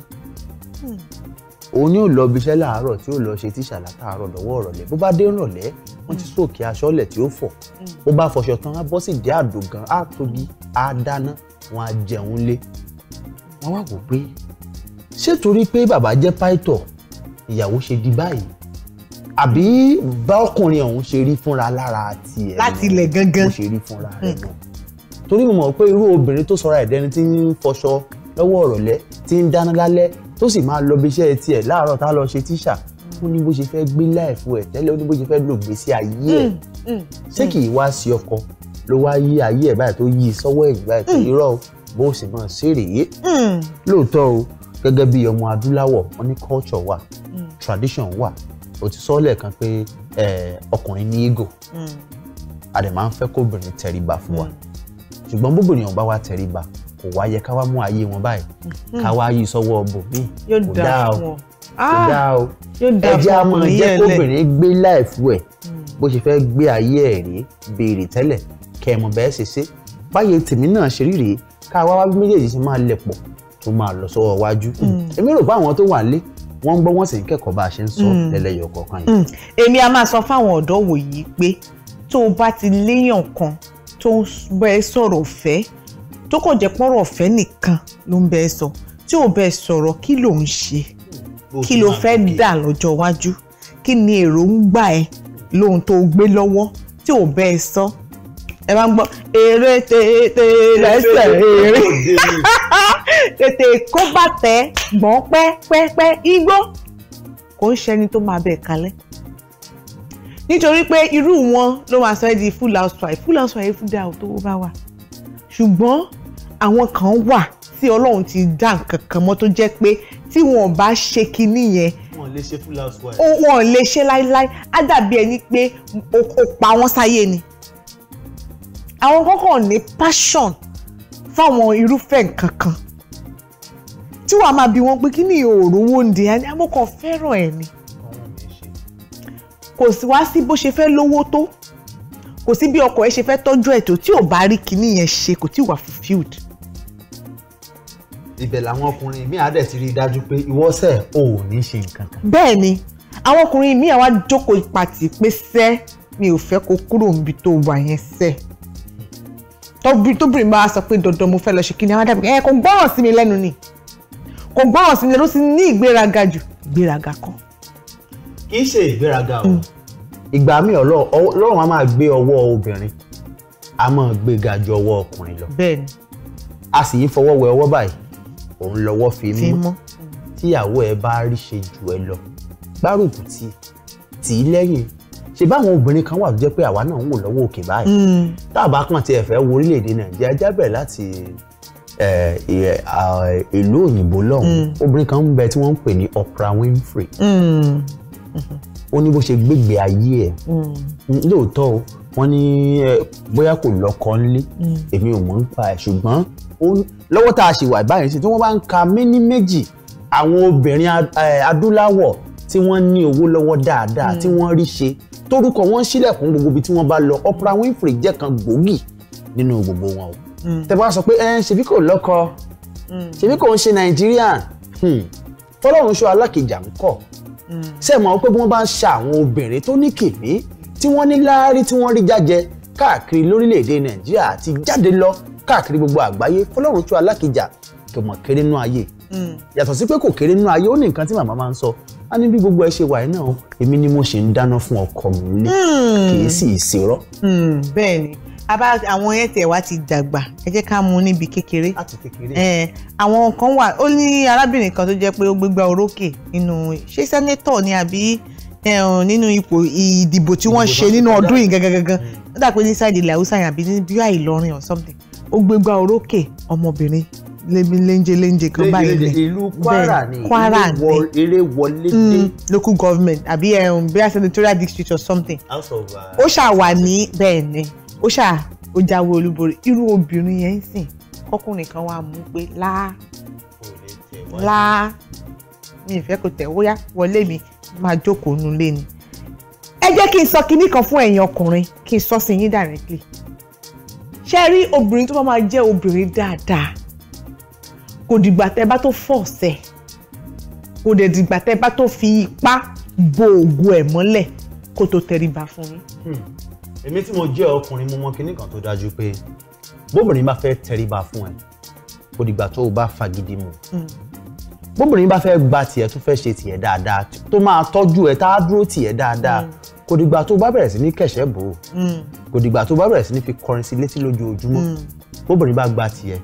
B: òun yóò lọ ibiṣẹ́ láàárọ̀ tí yóò lọ ṣe tíṣà látàárọ̀ lọ́wọ́ ọ̀rọ̀lẹ́ bó bá dé ń rọ̀lẹ́ wọ́n ti sóòkè aṣọ ọ̀lẹ̀ tí ó fọ̀ bó mm. bá fọṣọ tán á bọ́ sí ìdí àdògán á tóbi á dáná wọn á jẹun lé wọ́n wá wò pé ṣé torí pé bàbá jẹ́ pàìtọ̀ ìyàwó ṣe di báyìí àbí bá ọkùnrin ọ̀hún ṣe rí fúnra lára tiẹ̀ láti ilẹ̀ gangan ó ṣe rí fúnra rẹ̀ hmm. náà torí mo mọ̀ pé irú obìnrin tó sọra ẹ̀dẹ́ni tí ń fọṣọ lọ́wọ́ ọ̀rọ̀lẹ́ tí ń dáná lálẹ́ tó sì máa lọ bí iṣẹ́ tiẹ̀ láàárọ̀ tá a lọ ṣe tíṣà ó ní bó ṣe fẹ́ gbé láìfo ẹ̀ tẹ́lẹ̀ ó ní bó ṣe fẹ́ lò gbèsè ayé ẹ̀ mm, mm, mm. ṣé kì í wá sí ọkọ ló wá yí ayé ẹ̀ báyìí tó yí sọ́wọ́ ẹ̀yìn báyìí tó irọ́ bó ṣe máa ṣe rèé lóòótọ́ o gẹ́gẹ́ bí ọmọ adúláwọ̀ wọn ní culture wa tradition wa o ti sọ lẹ́ẹ̀kan pé ọkùnrin ní ego a dẹ̀ máa ń fẹ́ kóbìnrin tẹríba fún wa ṣùgbọ́n bóbìnrin ọ̀hún bá wa tẹríba kò wá yẹ ká wá mú ayé wọn báyìí ká wá yí sọ́wọ́ bòmíì kò dáa o
C: Ah, dá o
B: ẹjẹ́ a máa jẹ́ kóbìnrin gbé láìfú ẹ̀ hmm. bó ṣe fẹ́ gbé ayé ẹ̀ rí béèrè tẹ́lẹ̀ kẹ́ ẹ mọ̀ bẹ́ẹ̀ ṣe ṣe báyìí tèmi náà ṣe rí rèé ká wá wá bí méjèèjì ṣe máa lẹ̀ pọ̀ tó máa lọ sọ́wọ́ wájú hmm. èmi rò pé àwọn tó wà lé wọ́n ń gbọ́ wọ́n sì ń kẹ́kọ̀ọ́ bá a ṣe ń sọ hmm. lẹ́lẹ́yọ̀ kọ̀ọ̀kan yìí. èmi a máa sọ fáwọn ọ̀dọ́ wòyí pé tó o bá ti
A: léèyàn kan tó ń bẹ́ẹ̀ sọ̀rọ̀ ọ̀fẹ́ tó kàn jẹ́ pọ́rọ̀ ọ̀fẹ́ nìkan ló ń bẹ́ẹ̀ sọ tí ò bẹ́ẹ̀ sọ̀rọ̀ kí ló ń ṣe kí ló fẹ́ dà lọ́jọ́ iwájú kí ni èròǹgbà ẹ lóhun tó gbé lọ́wọ́ tí ò bẹ́ẹ̀ sọ ẹ máa ń gbọ́ eré tètè lẹ́sẹ̀ eré tètè kó bàtẹ́ gbọ́n pẹ́pẹ́pẹ́ igbó kò ń ṣẹni tó máa bẹ̀ kalẹ̀ nítorí pé irú wọn ló máa sọ ẹ́ di full housewife full housewife fún dáa tó bá wà ṣùgbọ́n àwọn kan wà tí ọlọ́run ti dá nǹkan kan mọ́ tó jẹ́ pé tí wọn bá ṣe kinní yẹn
B: wọn lè ṣe full house wife.
A: wọn lè ṣe láíláí á dàbí ẹni pé o pa wọn sáyé ni àwọn kọ́kàn ní passion fáwọn irúfẹ́ nǹkan kan tí wàá máa bi wọn pé kí ni òòrùn oúnjẹ ẹni amókan fẹ́ràn ẹ̀ ni kò sí wá sí bó ṣe fẹ́ lówó tó kò sí bí ọkọ ẹ ṣe fẹ́ tọ́jú ẹ̀ tó tí ò bá rí kinní yẹn ṣe kò tí wà fulfilled
B: ibẹ̀ làwọn ọkùnrin míì á dẹ̀ ti rí i dájú pé ìwọ́sẹ̀ ò ní ṣe nǹkan kan.
A: bẹ́ẹ̀ àwọn ọkùnrin míì àwa jókòó ìpàtì pé sẹ́ mi ò fẹ́ kó kúrò níbi tó wà yẹn sẹ́ tóbìnrin bá sọ pé dandan mo fẹ́ lọ ṣe kíni àwọn dàbí ẹ kò gbọ́ràn sí mi lẹ́nu ni kò gbọ́ràn sí mi lẹ́nu ó sì ní ìgbéraga jù ìgbéraga kan.
B: kì í ṣe ìgbéraga o mm. ìgbà míì ọlọ́run a máa gbé ọwọ́ obìnrin a máa gbé ga ju ọkùnrin lọ. bẹ́ẹ̀ni. a sì yí fọwọ́ wẹ ọwọ́ báyìí òun lọ́wọ́ fi mú tíyàwó ẹ bá rí ṣe jù ẹ lọ gbárùkù tí tì í lẹ́yìn ṣe báwọn obìnrin kan wà tó jẹ́ pé àwa náà ń wò lọ́wọ́ òkè báyìí hmm. tá a bá kàn tiẹ̀ fẹ́ wo orílẹ̀-èdè nàìjíríà jábẹ̀ láti ìlú òyìnbó lọ́hùn hmm. obìnrin kan ń bẹ tí wọ́n ń pè ní Oprah Winfrey hmm. ó ní bó ṣe gbégbé ayé ẹ̀ lóòótọ́ o wọ́n ní bóyá kò lọ́kọ nílé èmi ò mọ̀ ń pa ẹ̀ ṣùgbọ́n lọ́wọ́ tá a ṣèwà báyìí sí tí wọ́n bá ń ka méní méjì àwọn obìnrin adúláwọ̀ tí wọ́n ní owó lọ́wọ́ dáadáa tí hmm. wọ́n rí ṣe tórúkọ wọn sílẹ̀kùn gbogbo ibi tí wọ́n bá lọ Oprah Winfrey jẹ́ kan gbòógì nínú gbogbo wọn o hmm. tẹ́ bá sọ pé ẹ ṣebí kò lọ́kọ hmm. ṣebí kò ń ṣe Nàìjíríàn fọlọ́run ṣọ́ alákìjà ń kọ̀ ṣe mọ̀ pé bí wọ́n bá ń ṣa àwọn obìnrin tó ní kìmí tí wọ́n ní láárí tí wọ́n rí jájẹ káàkiri lórílẹ̀‐èdè Nàìjíríà àti jáde lọ káàkiri gbogbo àgbáyé fọlọ́run tú alákìjà kò mọ̀ kéré nú ayé mm. yàtọ̀ sí pé kò kéré nú ayé ó ní nǹkan tí màmá máa ń sọ á ní bí gbogbo ẹ ṣe wà yìí náà èmi ni mo ṣe ń dáná fún ọkọ mi nílé mm. kì í sì í ṣèrọ. Mm, bẹ́ẹ̀
A: ni abá àwọn yẹn tẹ̀ wá ti dàgbà ẹ jẹ́ ká mú níbi kékeré àwọn kan wà ó ní arábìnrin kan tó jẹ́ pé ó gbégbá orókè nínú ṣé sẹ́nẹ́tọ̀ ni àbí nínú ipò ìdìbò tí wọ́n ṣe nínú ọdún yìí gangan gangan ó dà pé ní sáìdì ilẹ̀ haúsá yàbí ní bíi àìlọrin or something ó gbégbá orókè ọmọbìnrin léńjé léńjé kan báyìí ni ìlú
B: Kwara ni Kwara ni eré wọlé mm, dé
A: local government àbí um, bíi senatorial district or something
B: uh, ó
A: ṣáà wà ní bẹ́ẹ̀ ni ó ṣáà ó jáwé olúborí irú obìnrin yẹn ń sìn kọkùnrin kan wà mú pé láá láá mi ìfẹ́ kò tẹ̀ wóyá wọlé mi máa jókòó nulẹ̀ ni ẹ jẹ́ kí n sọ kinní kan fún ẹ̀yin ọkùnrin kí n sọ sí yín directly ṣe rí obìnrin tó bá máa jẹ́ obìnrin dáadáa kò dìgbà tẹ́ bá tó fọ̀ọ̀sẹ̀ kò dẹ̀ dìgbà tẹ́ bá tó fi ipá bo ògo ẹ̀ mọ́lẹ̀ kó tó tẹríba fún yín. Hmm.
B: èmi tí mo jẹ́ ọkùnrin mo mọ kinní kan tó dájú pé bóbìnrin bá fẹ́ tẹríba fún ẹ kò dìgbà tó o bá fagídí mu hmm. bóbìnrin bá fẹ́ gba tiẹ̀ tó fẹ́ ṣe tiẹ̀ dáadáa tó máa tọ́jú ẹ tá a dúró tiẹ̀ dáadáa. Hmm kò dìgbà tó bá bẹ̀rẹ̀ sí ní kẹ̀ṣẹ́ bò ó hmm. kò dìgbà tó bá bẹ̀rẹ̀ sí ní fi kọrin sí létí lójoojúmọ́ hmm. bóbìnrin bá gba tiẹ̀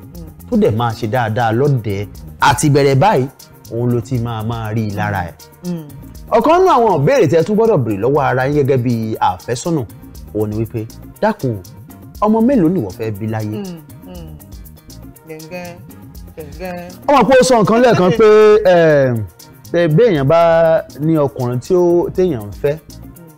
B: tó dẹ̀ máa ṣe dáadáa lọ́dẹ̀ àti bẹ̀rẹ̀ báyìí òun ló ti máa máa rí i lára ẹ̀. Hmm. ọ̀kan nínú àwọn ìbéèrè tẹ́ tún gbọ́dọ̀ béèrè lọ́wọ́ ara yín gẹ́gẹ́ bí àfẹ́sọ́nà òun ni wípé dákun ọmọ mélòó ni ìwọ fẹ́ bí láyé. ọmọ pé ó sọ nǹkan lẹ́ẹ̀kan pé béèyàn bá ní ọkùnrin tí ó téèyàn ń fẹ́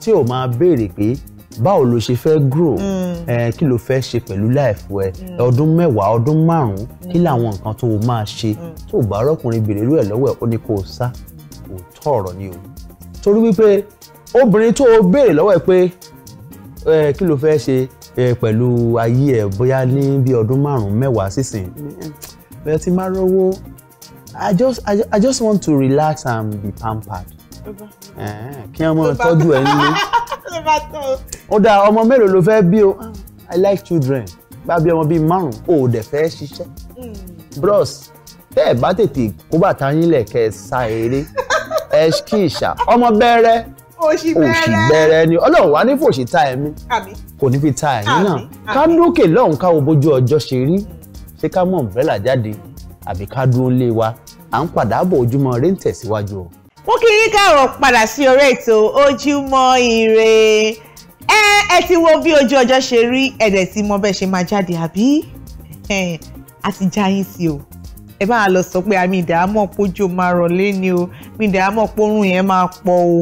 B: tí ò máa béèrè pé báwo ló ṣe fẹ́ grow mm. ẹ kí ló fẹ́ ṣe pẹ̀lú láìfọ ẹ mm. ọdún mẹ́wàá ọdún márùn-ún kí mm. làwọn nǹkan tó o máa ṣe tó o bá rọ́kùnrin béèrè lú ẹ̀ lọ́wọ́ ẹ̀ ó ní kó o sá òótọ́ ọ̀rọ̀ ni o torí wípé obìnrin tó o béèrè lọ́wọ́ ẹ pé ẹ kí ló fẹ́ ṣe pẹ̀lú ayé ẹ bóyá ní bí ọdún márùn-ún mẹ́wàá sísìn bẹ́ẹ̀ ti máa rówó I just I just want to relax and be pampered kí ọmọ tọ́jú ẹ nílé ó dáa ọmọ mélòó ló fẹ́ bí o i like children bá bí ọmọ bíi márùn ó dẹ̀ fẹ́ ṣiṣẹ́ hmm. bros tẹ́ ẹ̀ bá tètè kó bàtà yín lẹ̀ kẹ́ ẹ sa eré ẹ kí ìṣà ọmọ bẹ́rẹ́ òṣì bẹ̀rẹ̀ ni ọlọ́run wá ní fòṣì ta ẹ̀mí kò ní fi ta ẹ̀yìn náà ká dókè lọ́hùn ká wo bójú ọjọ́ ṣe rí ṣé ká mú ọ̀mbrẹ́là jáde àbí ká dúró lé wa à ń padà bọ̀ ojúmọ́ rẹ̀ ń tẹ̀síwájú o
A: mo kí yín káàrọ̀ padà sí orí ètò ojúmọ́ ire ẹ ẹ ti wo bí ojú ọjọ́ ṣe rí ẹ̀dẹ̀ tí mo bẹ́ẹ̀ ṣe máa jáde àbí a ti já yín sí o ẹ bá lọ sọ pé àmì ìdààmú pójú máa rọ̀lẹ́ ni o mi ìdààmú pọ́rùn yẹn máa pọ̀ o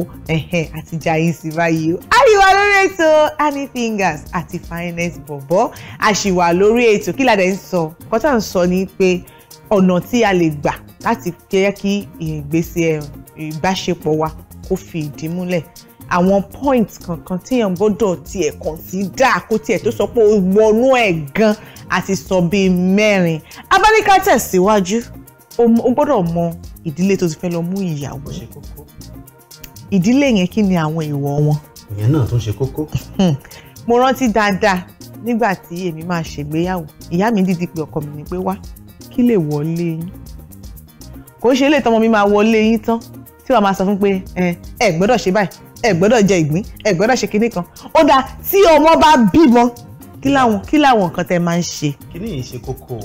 A: àti jayín sí báyìí o. a ṣì wà lórí ètò honey fingers àti finest bọ̀bọ̀ a ṣì wà lórí ètò kí ládẹ́ ń sọ kọ́tà ń sọ ni pé ọ̀nà tí a lè gbà láti jẹ́ kí ìgbésí ìbáṣepọ̀ wa kó fi ìdí múlẹ̀ àwọn point kankan téèyàn gbọ́dọ̀ tiẹ̀ consider kó tiẹ̀ tó sọ pé ó wọnú ẹ̀ gan àti sọ bíi mẹ́rin abáníká tẹ̀síwájú o gbọ́dọ̀ mọ ìdílé tó ti fẹ́ lọ mú ìyàwó ìdílé yẹn kí ni àwọn ìwọ wọn.
B: ìyẹn náà tún ṣe kókó.
A: Hmm. mo rántí dáadáa nígbà tí èmi máa ṣègbéyàwó ìyá mi dídí pé ọkọ mi ní pé wá kí lè wọlé yín kò ń ṣe ilé tọmọ mi máa wọlé yín tán tí wàá máa sọ fún pé ẹ ẹ gbọ́dọ̀ ṣe báyìí ẹ gbọ́dọ̀ jẹ ìgbín ẹ gbọ́dọ̀ ṣe kinní kan ó dáa tí ọmọ bá bímọ kí làwọn kí làwọn nǹkan tẹ máa ń ṣe.
B: kíní yìí ṣe kókó o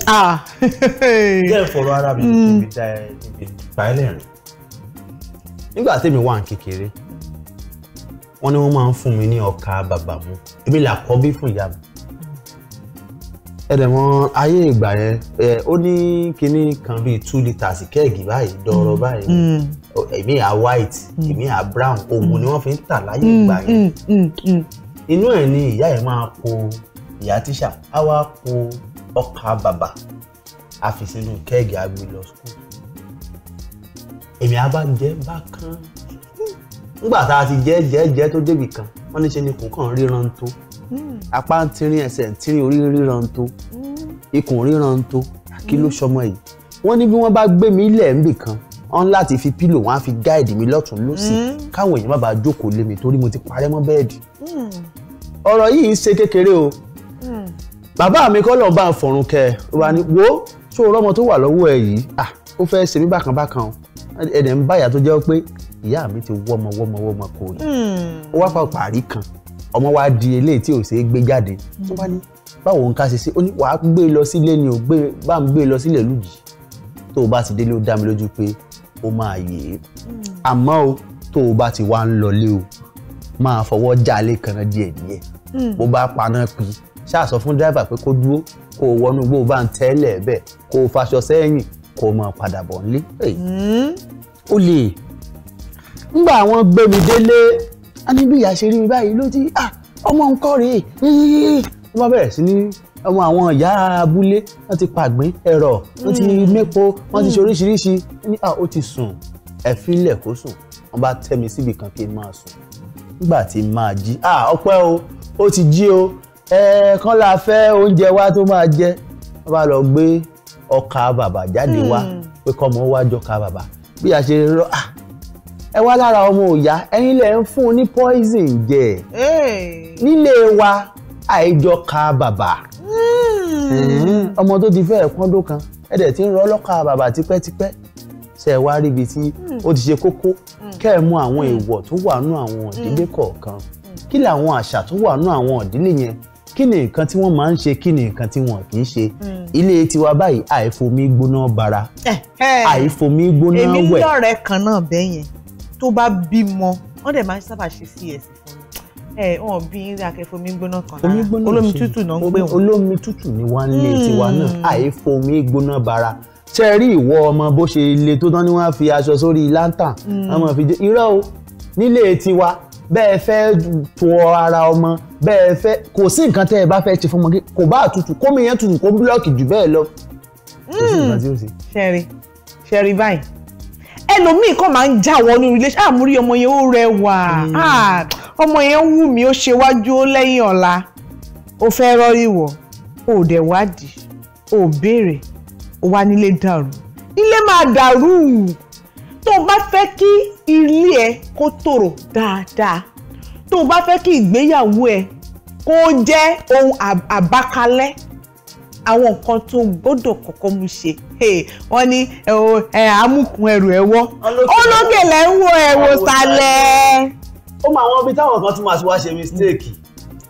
B: jẹ́ ìfọ̀rọ̀ ara mi níbi hmm. dá ẹ níbi ìpàlẹ̀ rẹ̀ nígbà tèmi wà ní kékeré wọ́n ní wọ́n máa ń fún mi ní ọkà bàbà mu èmi làkọ́bí fún ìyá mi ẹ̀dẹ̀mọ ayé ìgbà yẹn ó ní kinní kan bíi two litres kẹ́ẹ̀gì báyìí dọ̀rọ̀ mm. báyìí mm. èmi à white mm. èmi à brown òògùn ni wọ́n fi ń tà láyé ìgbà yẹn inú ẹ̀ ni ìyá ẹ̀ máa po ìyá tíṣà á wá po ọkà bàbà á fi sínú kẹ́ẹ̀gì á gbé lọ school èmi á bá jẹ́ bákan nígbà tá a ti jẹ́ jẹ́ jẹ́ tó débì kan wọ́n ní ṣe ni kò kàn ríran tó Hmm. apá ń tirin ẹsẹ̀ ń tirin orí ríran tó hmm. ikùn ríran tó kí ló sọmọ hmm. yìí wọ́n ní bí wọ́n bá gbé mi ilẹ̀ ń bì kan wọ́n láti fi pílò wọ́n á fi gáìdì mi lọ́tún lọ́sì káwọn èèyàn má bàa jókòó lé mi torí mo ti parẹ́ mọ́ bẹ́ẹ̀dì ọ̀rọ̀ yìí ń ṣe kékeré o bàbá mi kọ́ lọ́ọ́ bá ń fọ̀run kẹ́ ẹ wà ní wo ṣó o rọ́mọ tó wà lọ́wọ́ ẹ yìí à ó fẹ́ ṣe mí bákan bákan ẹ̀dẹ̀ ń báyà tó jẹ́ pé ìyá mi ti wọ́mọ wọ́mọ wọ́mọ kò rí ó wá pa pàrí kan ọmọ wa di eléyìí tí ò ṣe é gbé jáde tó bá ní báwo ń ká ṣe sí ó ní wàá gbé e lọ sílé ni ò gbé e, bá ń gbé e lọ sílé lùjì tó o bá ti délé ó dá mi lójú pé ó máa yè é hmm. àmọ́ o tó o bá ti wá ń lọlé o máa fọwọ́ jálé kan díẹ̀ díẹ̀ hmm. bó bá paná pin ṣáà sọ fún dráìvà pé kó dúró kó o wọnú gbó bá ń tẹ́lẹ̀ bẹ́ẹ̀ kó o faṣọ sẹ́yìn kó o máa padà bọ̀ nílé. Hmm. ó lè ngbà àwọn gbé mi délé á ní bí ìyá ṣe rí mi báyìí ló ti à ah, ọmọ nǹkan rèé ló bá bẹ̀rẹ̀ sí ní ọmọ àwọn ìyá abúlé wọ́n ti pàgbín ẹ̀rọ wọ́n ti hmm. mépo wọ́n ti ṣe hmm. oríṣiríṣi ní à ah, ó ti sùn ẹ̀fínlẹ̀ kó sùn wọ́n bá tẹ́ mi síbi kan kí n máa sùn nígbà tí n máa jí à ah, ọpẹ́ o ó ti jí o ẹ̀ẹ̀kan la fẹ́ oúnjẹ wa tó máa jẹ wọ́n bá lọ gbé ọkà bàbà jáde wá hmm. pé kọ́mọ wá jọkà bàbà bí a ṣe rọ à ẹ wá lára ọmọ òòyà ẹ̀yin lẹ ń fún un ní poison jẹ nílé wa àìjọ ka bàbà hmm. Hmm. ọmọ tó ti fẹ́ ẹ̀kọ́ndó kan ẹ dẹ̀ ti ń rọ ọlọ́ka bàbà tipẹ́tipẹ́ ṣe ẹ wá ríbi tí hmm. ó ti ṣe kókó kẹ́ ẹ mú àwọn èèwọ̀ tó wà nú àwọn ìdílé kọ̀ọ̀kan kí làwọn àṣà tó wà nú àwọn ìdílé yẹn kí ni nǹkan tí wọ́n máa ń ṣe kí ni nǹkan tí wọ́n kì í ṣe ilé tiwa báyìí àìfomi gbóná bara
A: àìfomi gbóná wẹ̀. èmi lọ́rẹ̀ẹ́ kan náà bẹ́yẹn tó bá bímọ wọ́n dẹ̀ máa ń sábà ṣe cs fún mi ẹ wọn bí yín akẹ́fọ́ omi gbóná kan náà olómi tútù
B: náà ń pè wọ́n. olómi tútù ni wọ́n lé tiwa náà hmm. àìfọ omi gbóná bara ṣe rí ìwọ ọmọ bó ṣe le tó tán ni wọ́n fi aṣọ sórí lantern hmm. ọmọ fi jẹ irọ́ o nílé tiwa bẹ́ẹ̀ fẹ́ tọ ara ọmọ bẹ́ẹ̀ fẹ́ kò sí nǹkan tẹ́ ẹ bá fẹ́ ṣe fún ọmọ kò bá tutù kómi yẹn tutù kó búlọ́ọ̀kì jù bẹ́ẹ̀ lọ. kò sí hmm.
A: ṣe. ṣẹ́rí báyìí ẹlòmíì kan máa ń já wọnú relation àmúrí ah, ọmọ yẹn ó rẹwà mm. ah, ọmọ yẹn wù mí ó ṣe wájú ó lẹ́yìn ọ̀la ó fẹ́ rọ́rí wọ̀ ó dẹ̀ wádìí ó béèrè ó wá nílé dàrú ilé máa dàrú tó o bá fẹ́ kí ilé ẹ kó tòrò dáadáa tó o bá fẹ́ kí ìgbéyàwó ẹ kó jẹ́ ohun àbákalẹ̀ àwọn nǹkan tó gbọ́dọ̀ kọ́kọ́ mú ṣe wọ́n ní
B: amúkun ẹrù ẹ̀wọ́ olókè ń wo ẹ̀wò sálẹ̀. ó mọ àwọn ibi táwọn kan tún máa wá ṣe mistake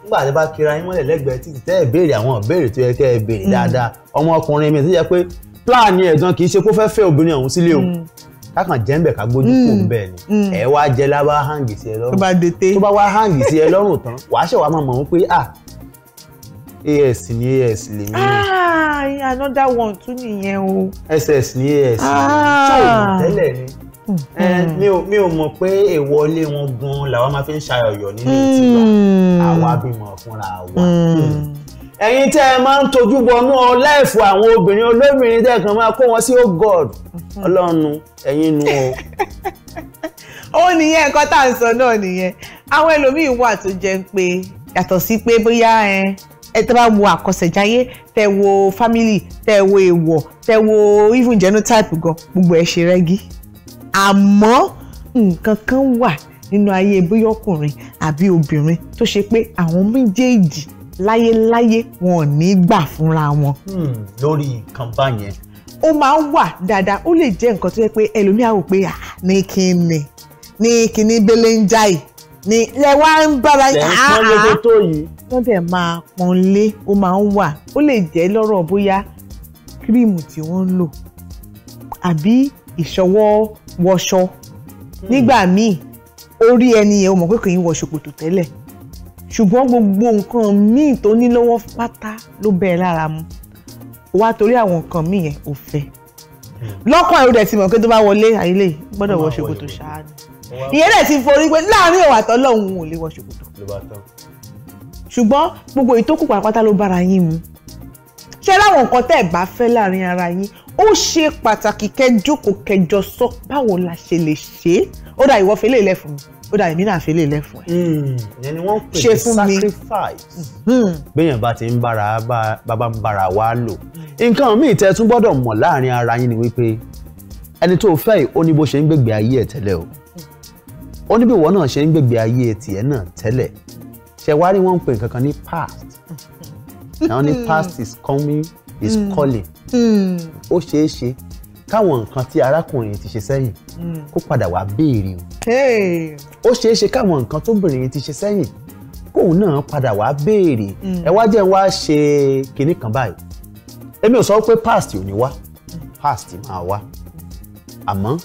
B: nígbà tí bá lẹ́gbẹ̀ẹ́ títí tẹ́ àwọn tó yẹ kẹ́ ẹ béèrè mm. ọmọkùnrin mi ti yẹ pé plan kì í ṣe kó fẹ́ obìnrin ọ̀hún sílé mm. kákan jẹ́ as ni as lèmi
A: Ah, another one tún nìyẹn o.
B: ss ni as ah. ṣé òun tẹ́lẹ̀ ni hmm. mi ò mi ò mọ̀ pé èèwọ̀ ilé wọn gan làwọn máa fi ń ṣayọ̀yọ̀ nínú ìtura hmm. àwa bímọ fúnra wa. Hmm. ẹ̀yin tẹ́ ẹ máa ń tojú bọnú ọláìfù àwọn obìnrin olómìnirin tẹ́ ẹ kàn máa kó wọn sí oh god ọlọ́run ẹ̀yin nu o. ó nìyẹn nǹkan tá à ń sọ
A: náà nìyẹn àwọn ẹlòmíín wà tó jẹ́ pé yàtọ̀ sí pé bóyá ẹ ẹ tẹ́ bá wo àkọsẹ̀jáyé tẹ́ wo family tẹ́ wo èèwọ̀ tẹ́ wo even genotype gan gbogbo ẹ̀ ṣe rẹ́gí àmọ́ nǹkan kan wà nínú ayé bóyá ọkùnrin àbí obìnrin tó ṣe pé àwọn méjèèjì láyéláyé wọn ò ní gbà fúnra wọn. Hmm,
B: lórí nǹkan báyẹn.
A: ó máa ń wà dáadáa ó lè jẹ́ nǹkan tó yẹ pé ẹlòmíà wò pé ah, ní kíni ní kíni bẹ́lẹ̀ ń jáì ni lẹ wá ń bára yín wọ́n dẹ̀ máa pọ́n lé ó máa ń wà ó lè jẹ́ lọ́rọ̀ bóyá kírìmù tí wọ́n ń lò àbí ìṣọwọ́ wọṣọ hmm. nígbà míì ó rí ẹni yẹn ó mọ̀ pé kò ń wọ ṣòkòtò tẹ́lẹ̀ ṣùgbọ́n gbogbo nǹkan míì tó ní lọ́wọ́ pátá ló bẹ̀rẹ̀ lára mu wá torí àwọn nǹkan míì yẹn ò fẹ́ hmm. lọ́kàn ẹ̀rọ dẹ̀ ti mọ̀ pé tó bá wọlé àyílẹ̀ gbọ́dọ̀ wọ ṣòkòtò ṣáá ni ìyẹn dẹ̀ ti forí pé láàrin òwà tán lọ́hùn ò lè wọ ṣòkòtò ṣùgbọ́n gbogbo ìtókù pàápàá ló bára yín mu ṣé láwọn nǹkan tẹ́ ẹ̀ bá fẹ́ láàrin ara yín ó ṣe pàtàkì kẹjókòó kẹjọ sọ báwo la ṣe lè ṣe é ó dà ìwọ fẹlẹ ilẹ fún mi ó dà èmi
B: náà fẹlẹ ilẹ fún ẹ. Hmm, ìyẹn ni wọ́n ń pè ní sacrifice hmm. béèyàn bá ti ń bára bàbá ń bára wa lò nǹkan míì tẹ́ tún gbọ́dọ̀ mọ̀ láàrin ara yín ni wípé ẹni tó fẹ́ ò ní bó ṣe ń gbègbè ayé ẹ̀ tẹ́lẹ̀ o ó ní bí ìwọ náà ṣe ń gbègbè ayé tiẹ̀ náà tẹ́lẹ̀ ṣe wá rí wọ́n ń pè nǹkan kan ní past àwọn ní past is coming is hmm. calling hmm. ó ṣeé ṣe káwọn nǹkan tí arákùnrin ti ṣe sẹ́yìn hmm. kó padà wá béèrè o ó ṣeé ṣe káwọn nǹkan tóbìnrin ti ṣe sẹ́yìn kóun náà padà wá béèrè ẹ wá jẹ́ wá ṣe kinní kan báyìí èmi ò sọ pé past ò ní wá past máa wá àmọ́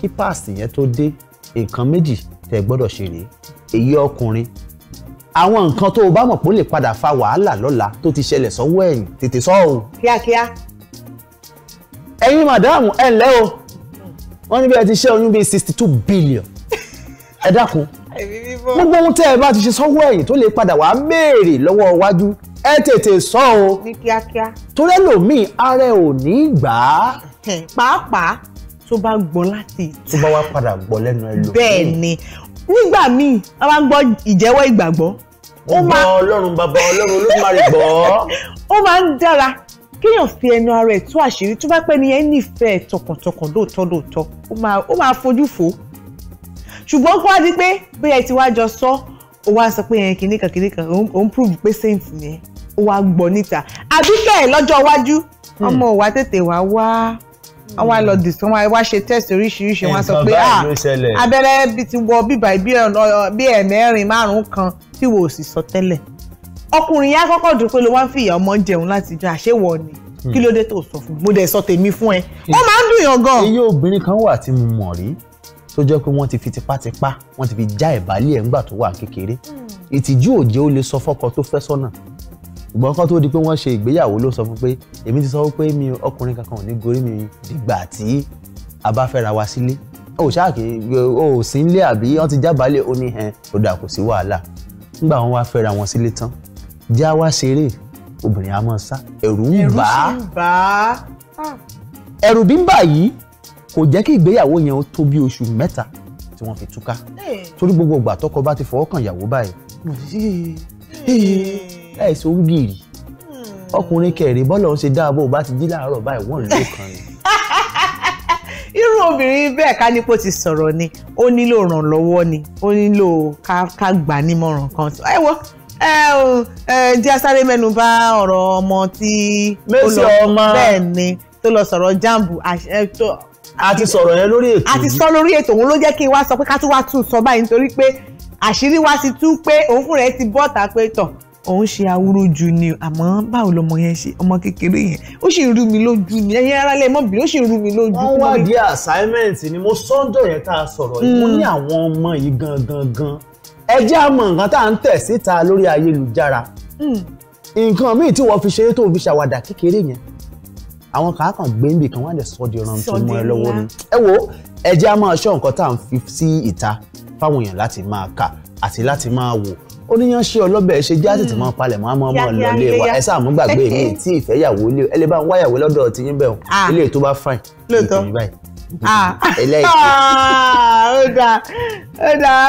B: kí past yẹn tó dé nǹkan méjì tẹ́ gbọ́dọ̀ ṣe rèé èyí ọkùnrin àwọn nǹkan tó o bá mọ̀ pé ó lè padà fa wàhálà lọ́la tó ti ṣẹlẹ̀ sọ́wọ́ ẹ̀yìn tètè sọ ọ́ kíákíá ẹ̀yin màdáàmù ẹ̀ ǹlẹ́ o wọ́n ní bí ẹ ti ṣe oyún bíi sixty two billion ẹ dákun gbogbo ohun tẹ́ ẹ bá ti ṣe sọ́wọ́ ẹ̀yìn tó lè padà wàá béèrè lọ́wọ́ iwájú ẹ tètè sọ o
A: ní kíákíá
B: torí ẹlòmíì ara ẹ ò ní gbà á. pàápàá
A: tó bá gbọ́n láti ìta.
B: tó bá wá padà gbọ́ lẹ́nu ẹ bẹ́ẹ̀
A: ni nígbà míì a máa ń gbọ́ ìjẹ́wọ́ ìgbàgbọ́. ó máa gbọ́ ọlọ́run
B: bàbá ọlọ́run olódùmarè gbọ́.
A: ó máa ń dára kéèyàn fi ẹnu ara ẹ̀ tú àṣírí tó bá pẹ́ ni ẹ nífẹ̀ẹ́ tọkàntọkàn lóòótọ́ lóòótọ́ ó máa fojú fò ó ṣùgbọ́n kó wá di pé bí ẹ ti wá jọ sọ ó wá sọ pé yẹn kìnnìkan kìnnìkan òun prove pé saint ni ó wá gbọ́ níta àbíkẹ́ lọ́jọ́ iwájú hmm. ọmọ òwa tètè wá wá wọ́n wá lọ dìsí wọ́n wá ṣe test oríṣiríṣi wọ́n sọ pé ah abẹ́rẹ́ bí ti wọ bíbá bí ẹ̀mẹ́rin márùn-ún kan tí wò ó sì sọ tẹ́lẹ̀ ọkùnrin yá kọ́kọ́ dùn pé ló wá ń fi ìyá ọmọ jẹun láti jọ àṣewọ̀ ni hmm. kí ló dé
B: tó sọ fún mo dẹ̀ sọ tèmi fún ẹ ó máa ń dùn yàn gan. iye obìnrin kan wà tí mo mọ̀ rí tó jẹ́ pé wọ́n ti fi tipátipá wọ́n ti fi já ìbálẹ̀ ẹ̀ ńgbà tó wà kékeré hmm. ìtìjú òjé ó lè sọ fọ́kọ tó fẹ́ sọ́nà ṣùgbọ́n kán tó di pé wọ́n ṣe ìgbéyàwó ló sọ fún pé èmi ti sọ pé mi ọkùnrin kankan ò ní gorí mi dìgbà tí a bá fẹ́ra wa sílé ó ṣáàkì ó sì ń lé àbí wọ́n ti jábàálẹ̀ ó ní hẹn ó dà kò sí wàhálà nígbà wọn wá fẹ́ra wọn sílé tán já wá ṣeré obìnrin á máa sá ẹ̀rù ń bà á ah. ẹ̀rù bí ń bà yìí kò jẹ́ kí ìgbéyàwó yẹn ó tó bí oṣù mẹ́ta tí wọ́n fi túká torí gbogbo ìgbà tọkọ bá ti fọwọ́ kàn ìyàwó báyìí láì sí orígìrì ọkùnrin kẹrin bọ́lọ̀ ń ṣe dáàbò bá ti jí láàárọ̀ báyìí wọ́n ló kan ni. irú obìnrin bẹ́ẹ̀ ká nípò ti sọ̀rọ̀ ni ó nílò ìrànlọ́wọ́ ni ó nílò
A: ká gbà nímọ̀ràn kan ẹ wo ẹ o ẹ jẹ́ sáré mẹ́nu bá ọ̀rọ̀ ọmọ tí ó lọ bẹ́ẹ̀ ni tó lọ sọ̀rọ̀ jambu a ti sọ̀rọ̀ yẹn lórí ètò yìí a ti sọ lórí ètò òun ló jẹ́ kí n wá sọ pé ká tún wá tún sọ báyìí nítorí pé àṣírí wa ti tú pé òun fúnra ẹ ti bọ́ta pé tọ̀ òun ṣe awúrò jù ni àmọ́ báwo lọmọ yẹn ṣe ọmọ kékeré yẹn ó sì ń rú mi lójú ni ẹ̀yin ara lẹ mọ̀ bí ó sì ń rú mi lójú. wọ́n
B: wá di assignment ni mo sọ́ńdọ̀ yẹn tá a sọ̀rọ̀ yìí mo mm. ní àwọn ọmọ yìí gangan gan ẹ jẹ́ àmọ̀ nǹkan tá à ń tẹ̀ síta lórí ayélujára mm. nǹkan míì tí wọ́n fi ṣeré tó fi ṣàwàdà kékeré yẹn àwọn kan á kàn gbé níbi kan wọ́n á lè sọ di ọ̀ràn tó mọ́ ẹ lọ́wọ́ ni ẹ wo ẹ jẹ́ àmọ̀ ṣọ́ nǹkan tá à ń fi sí ìta fáwọn èèyàn láti máa kà àti láti máa wò ó ní yàn ṣe ọlọ́bẹ̀ ṣe já tètè máa hmm. palẹ̀ máa máa máa lọ ilé wa ẹ sáà mú gbàgbé mi tí ìfẹ́yàwó ilé ẹ lè bá ń wáyàwó lọ́dọ̀ ti yín bẹ̀ ọ́n ah. ilé tó bá fine lóòótọ́ eléyìí. Ah. Ah,
A: ó dáa ó dáa.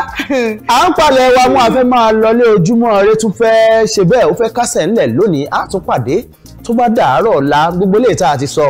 B: à ń palẹ̀ wa mú a fẹ́ máa lọlé ojúmọ́ ire tún fẹ́ ṣe bẹ́ẹ̀ ó fẹ́ kásẹ̀ ńlẹ̀ lónìí á tún pàdé tó bá dàárọ̀ ọ̀la gbogbo eléyìí tá a ti sọ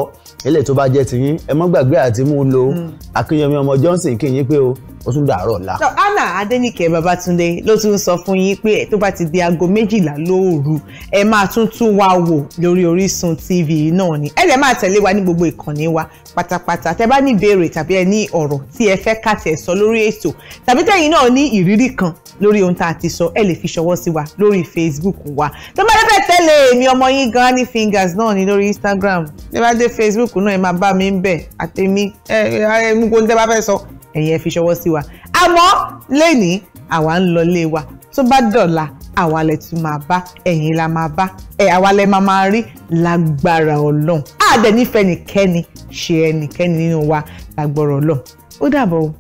B: eléyìí tó bá jẹ́ tiyín ẹ mọ́ gbàgbé àti mú un lo hmm. Akínyẹmí ọmọ Johnson kí yín pé o ó tún dàárọ̀ ọ̀la.
A: Anna Adéníkẹ́ Babátúndé ló tún sọ fún yín pé tó bá ti di aago méjìlá lóòru ẹ máa tún tún wa wò lórí Orísun TV náà ni ẹ lè máa tẹ̀lé wa ní gbogbo ìkànnì wa pátápátá tẹ bá ní ìbéèrè tàbí ẹ ní ọ̀rọ̀ tí ẹ fẹ́ ká tẹ̀ sọ lórí ètò tàbí tẹ̀yin náà ní ìrírí kan lórí ohun tá a ti sọ ẹ lè fi ṣọwọ́ sí wa lórí Facebook wa tó bá dẹ́fẹ̀ tẹ̀lé èmi ọmọ yín gan ní fingers náà ni lórí Instagram tẹ bá dé Facebook náà ẹ máa bá mi ń bẹ̀ àtẹ̀mí ẹ ẹ mú kó ń tẹ́ bá fẹ́ sọ ẹ̀yin ẹ fi ṣọwọ́ sí wa àmọ́ lẹ́ni àwa ń lọ lé wa tó bá dọ̀la àwa lẹ tún máa bá ẹ̀yin la máa bá ẹ̀ àwa lẹ máa máa rí lágbára ọlọ́run àdẹ̀ nífẹ̀ẹ́ nìkẹ́ni ṣe ẹnikẹ́ni nínú wa lágbọ́rọ̀ ọlọ́run ó dàbọ̀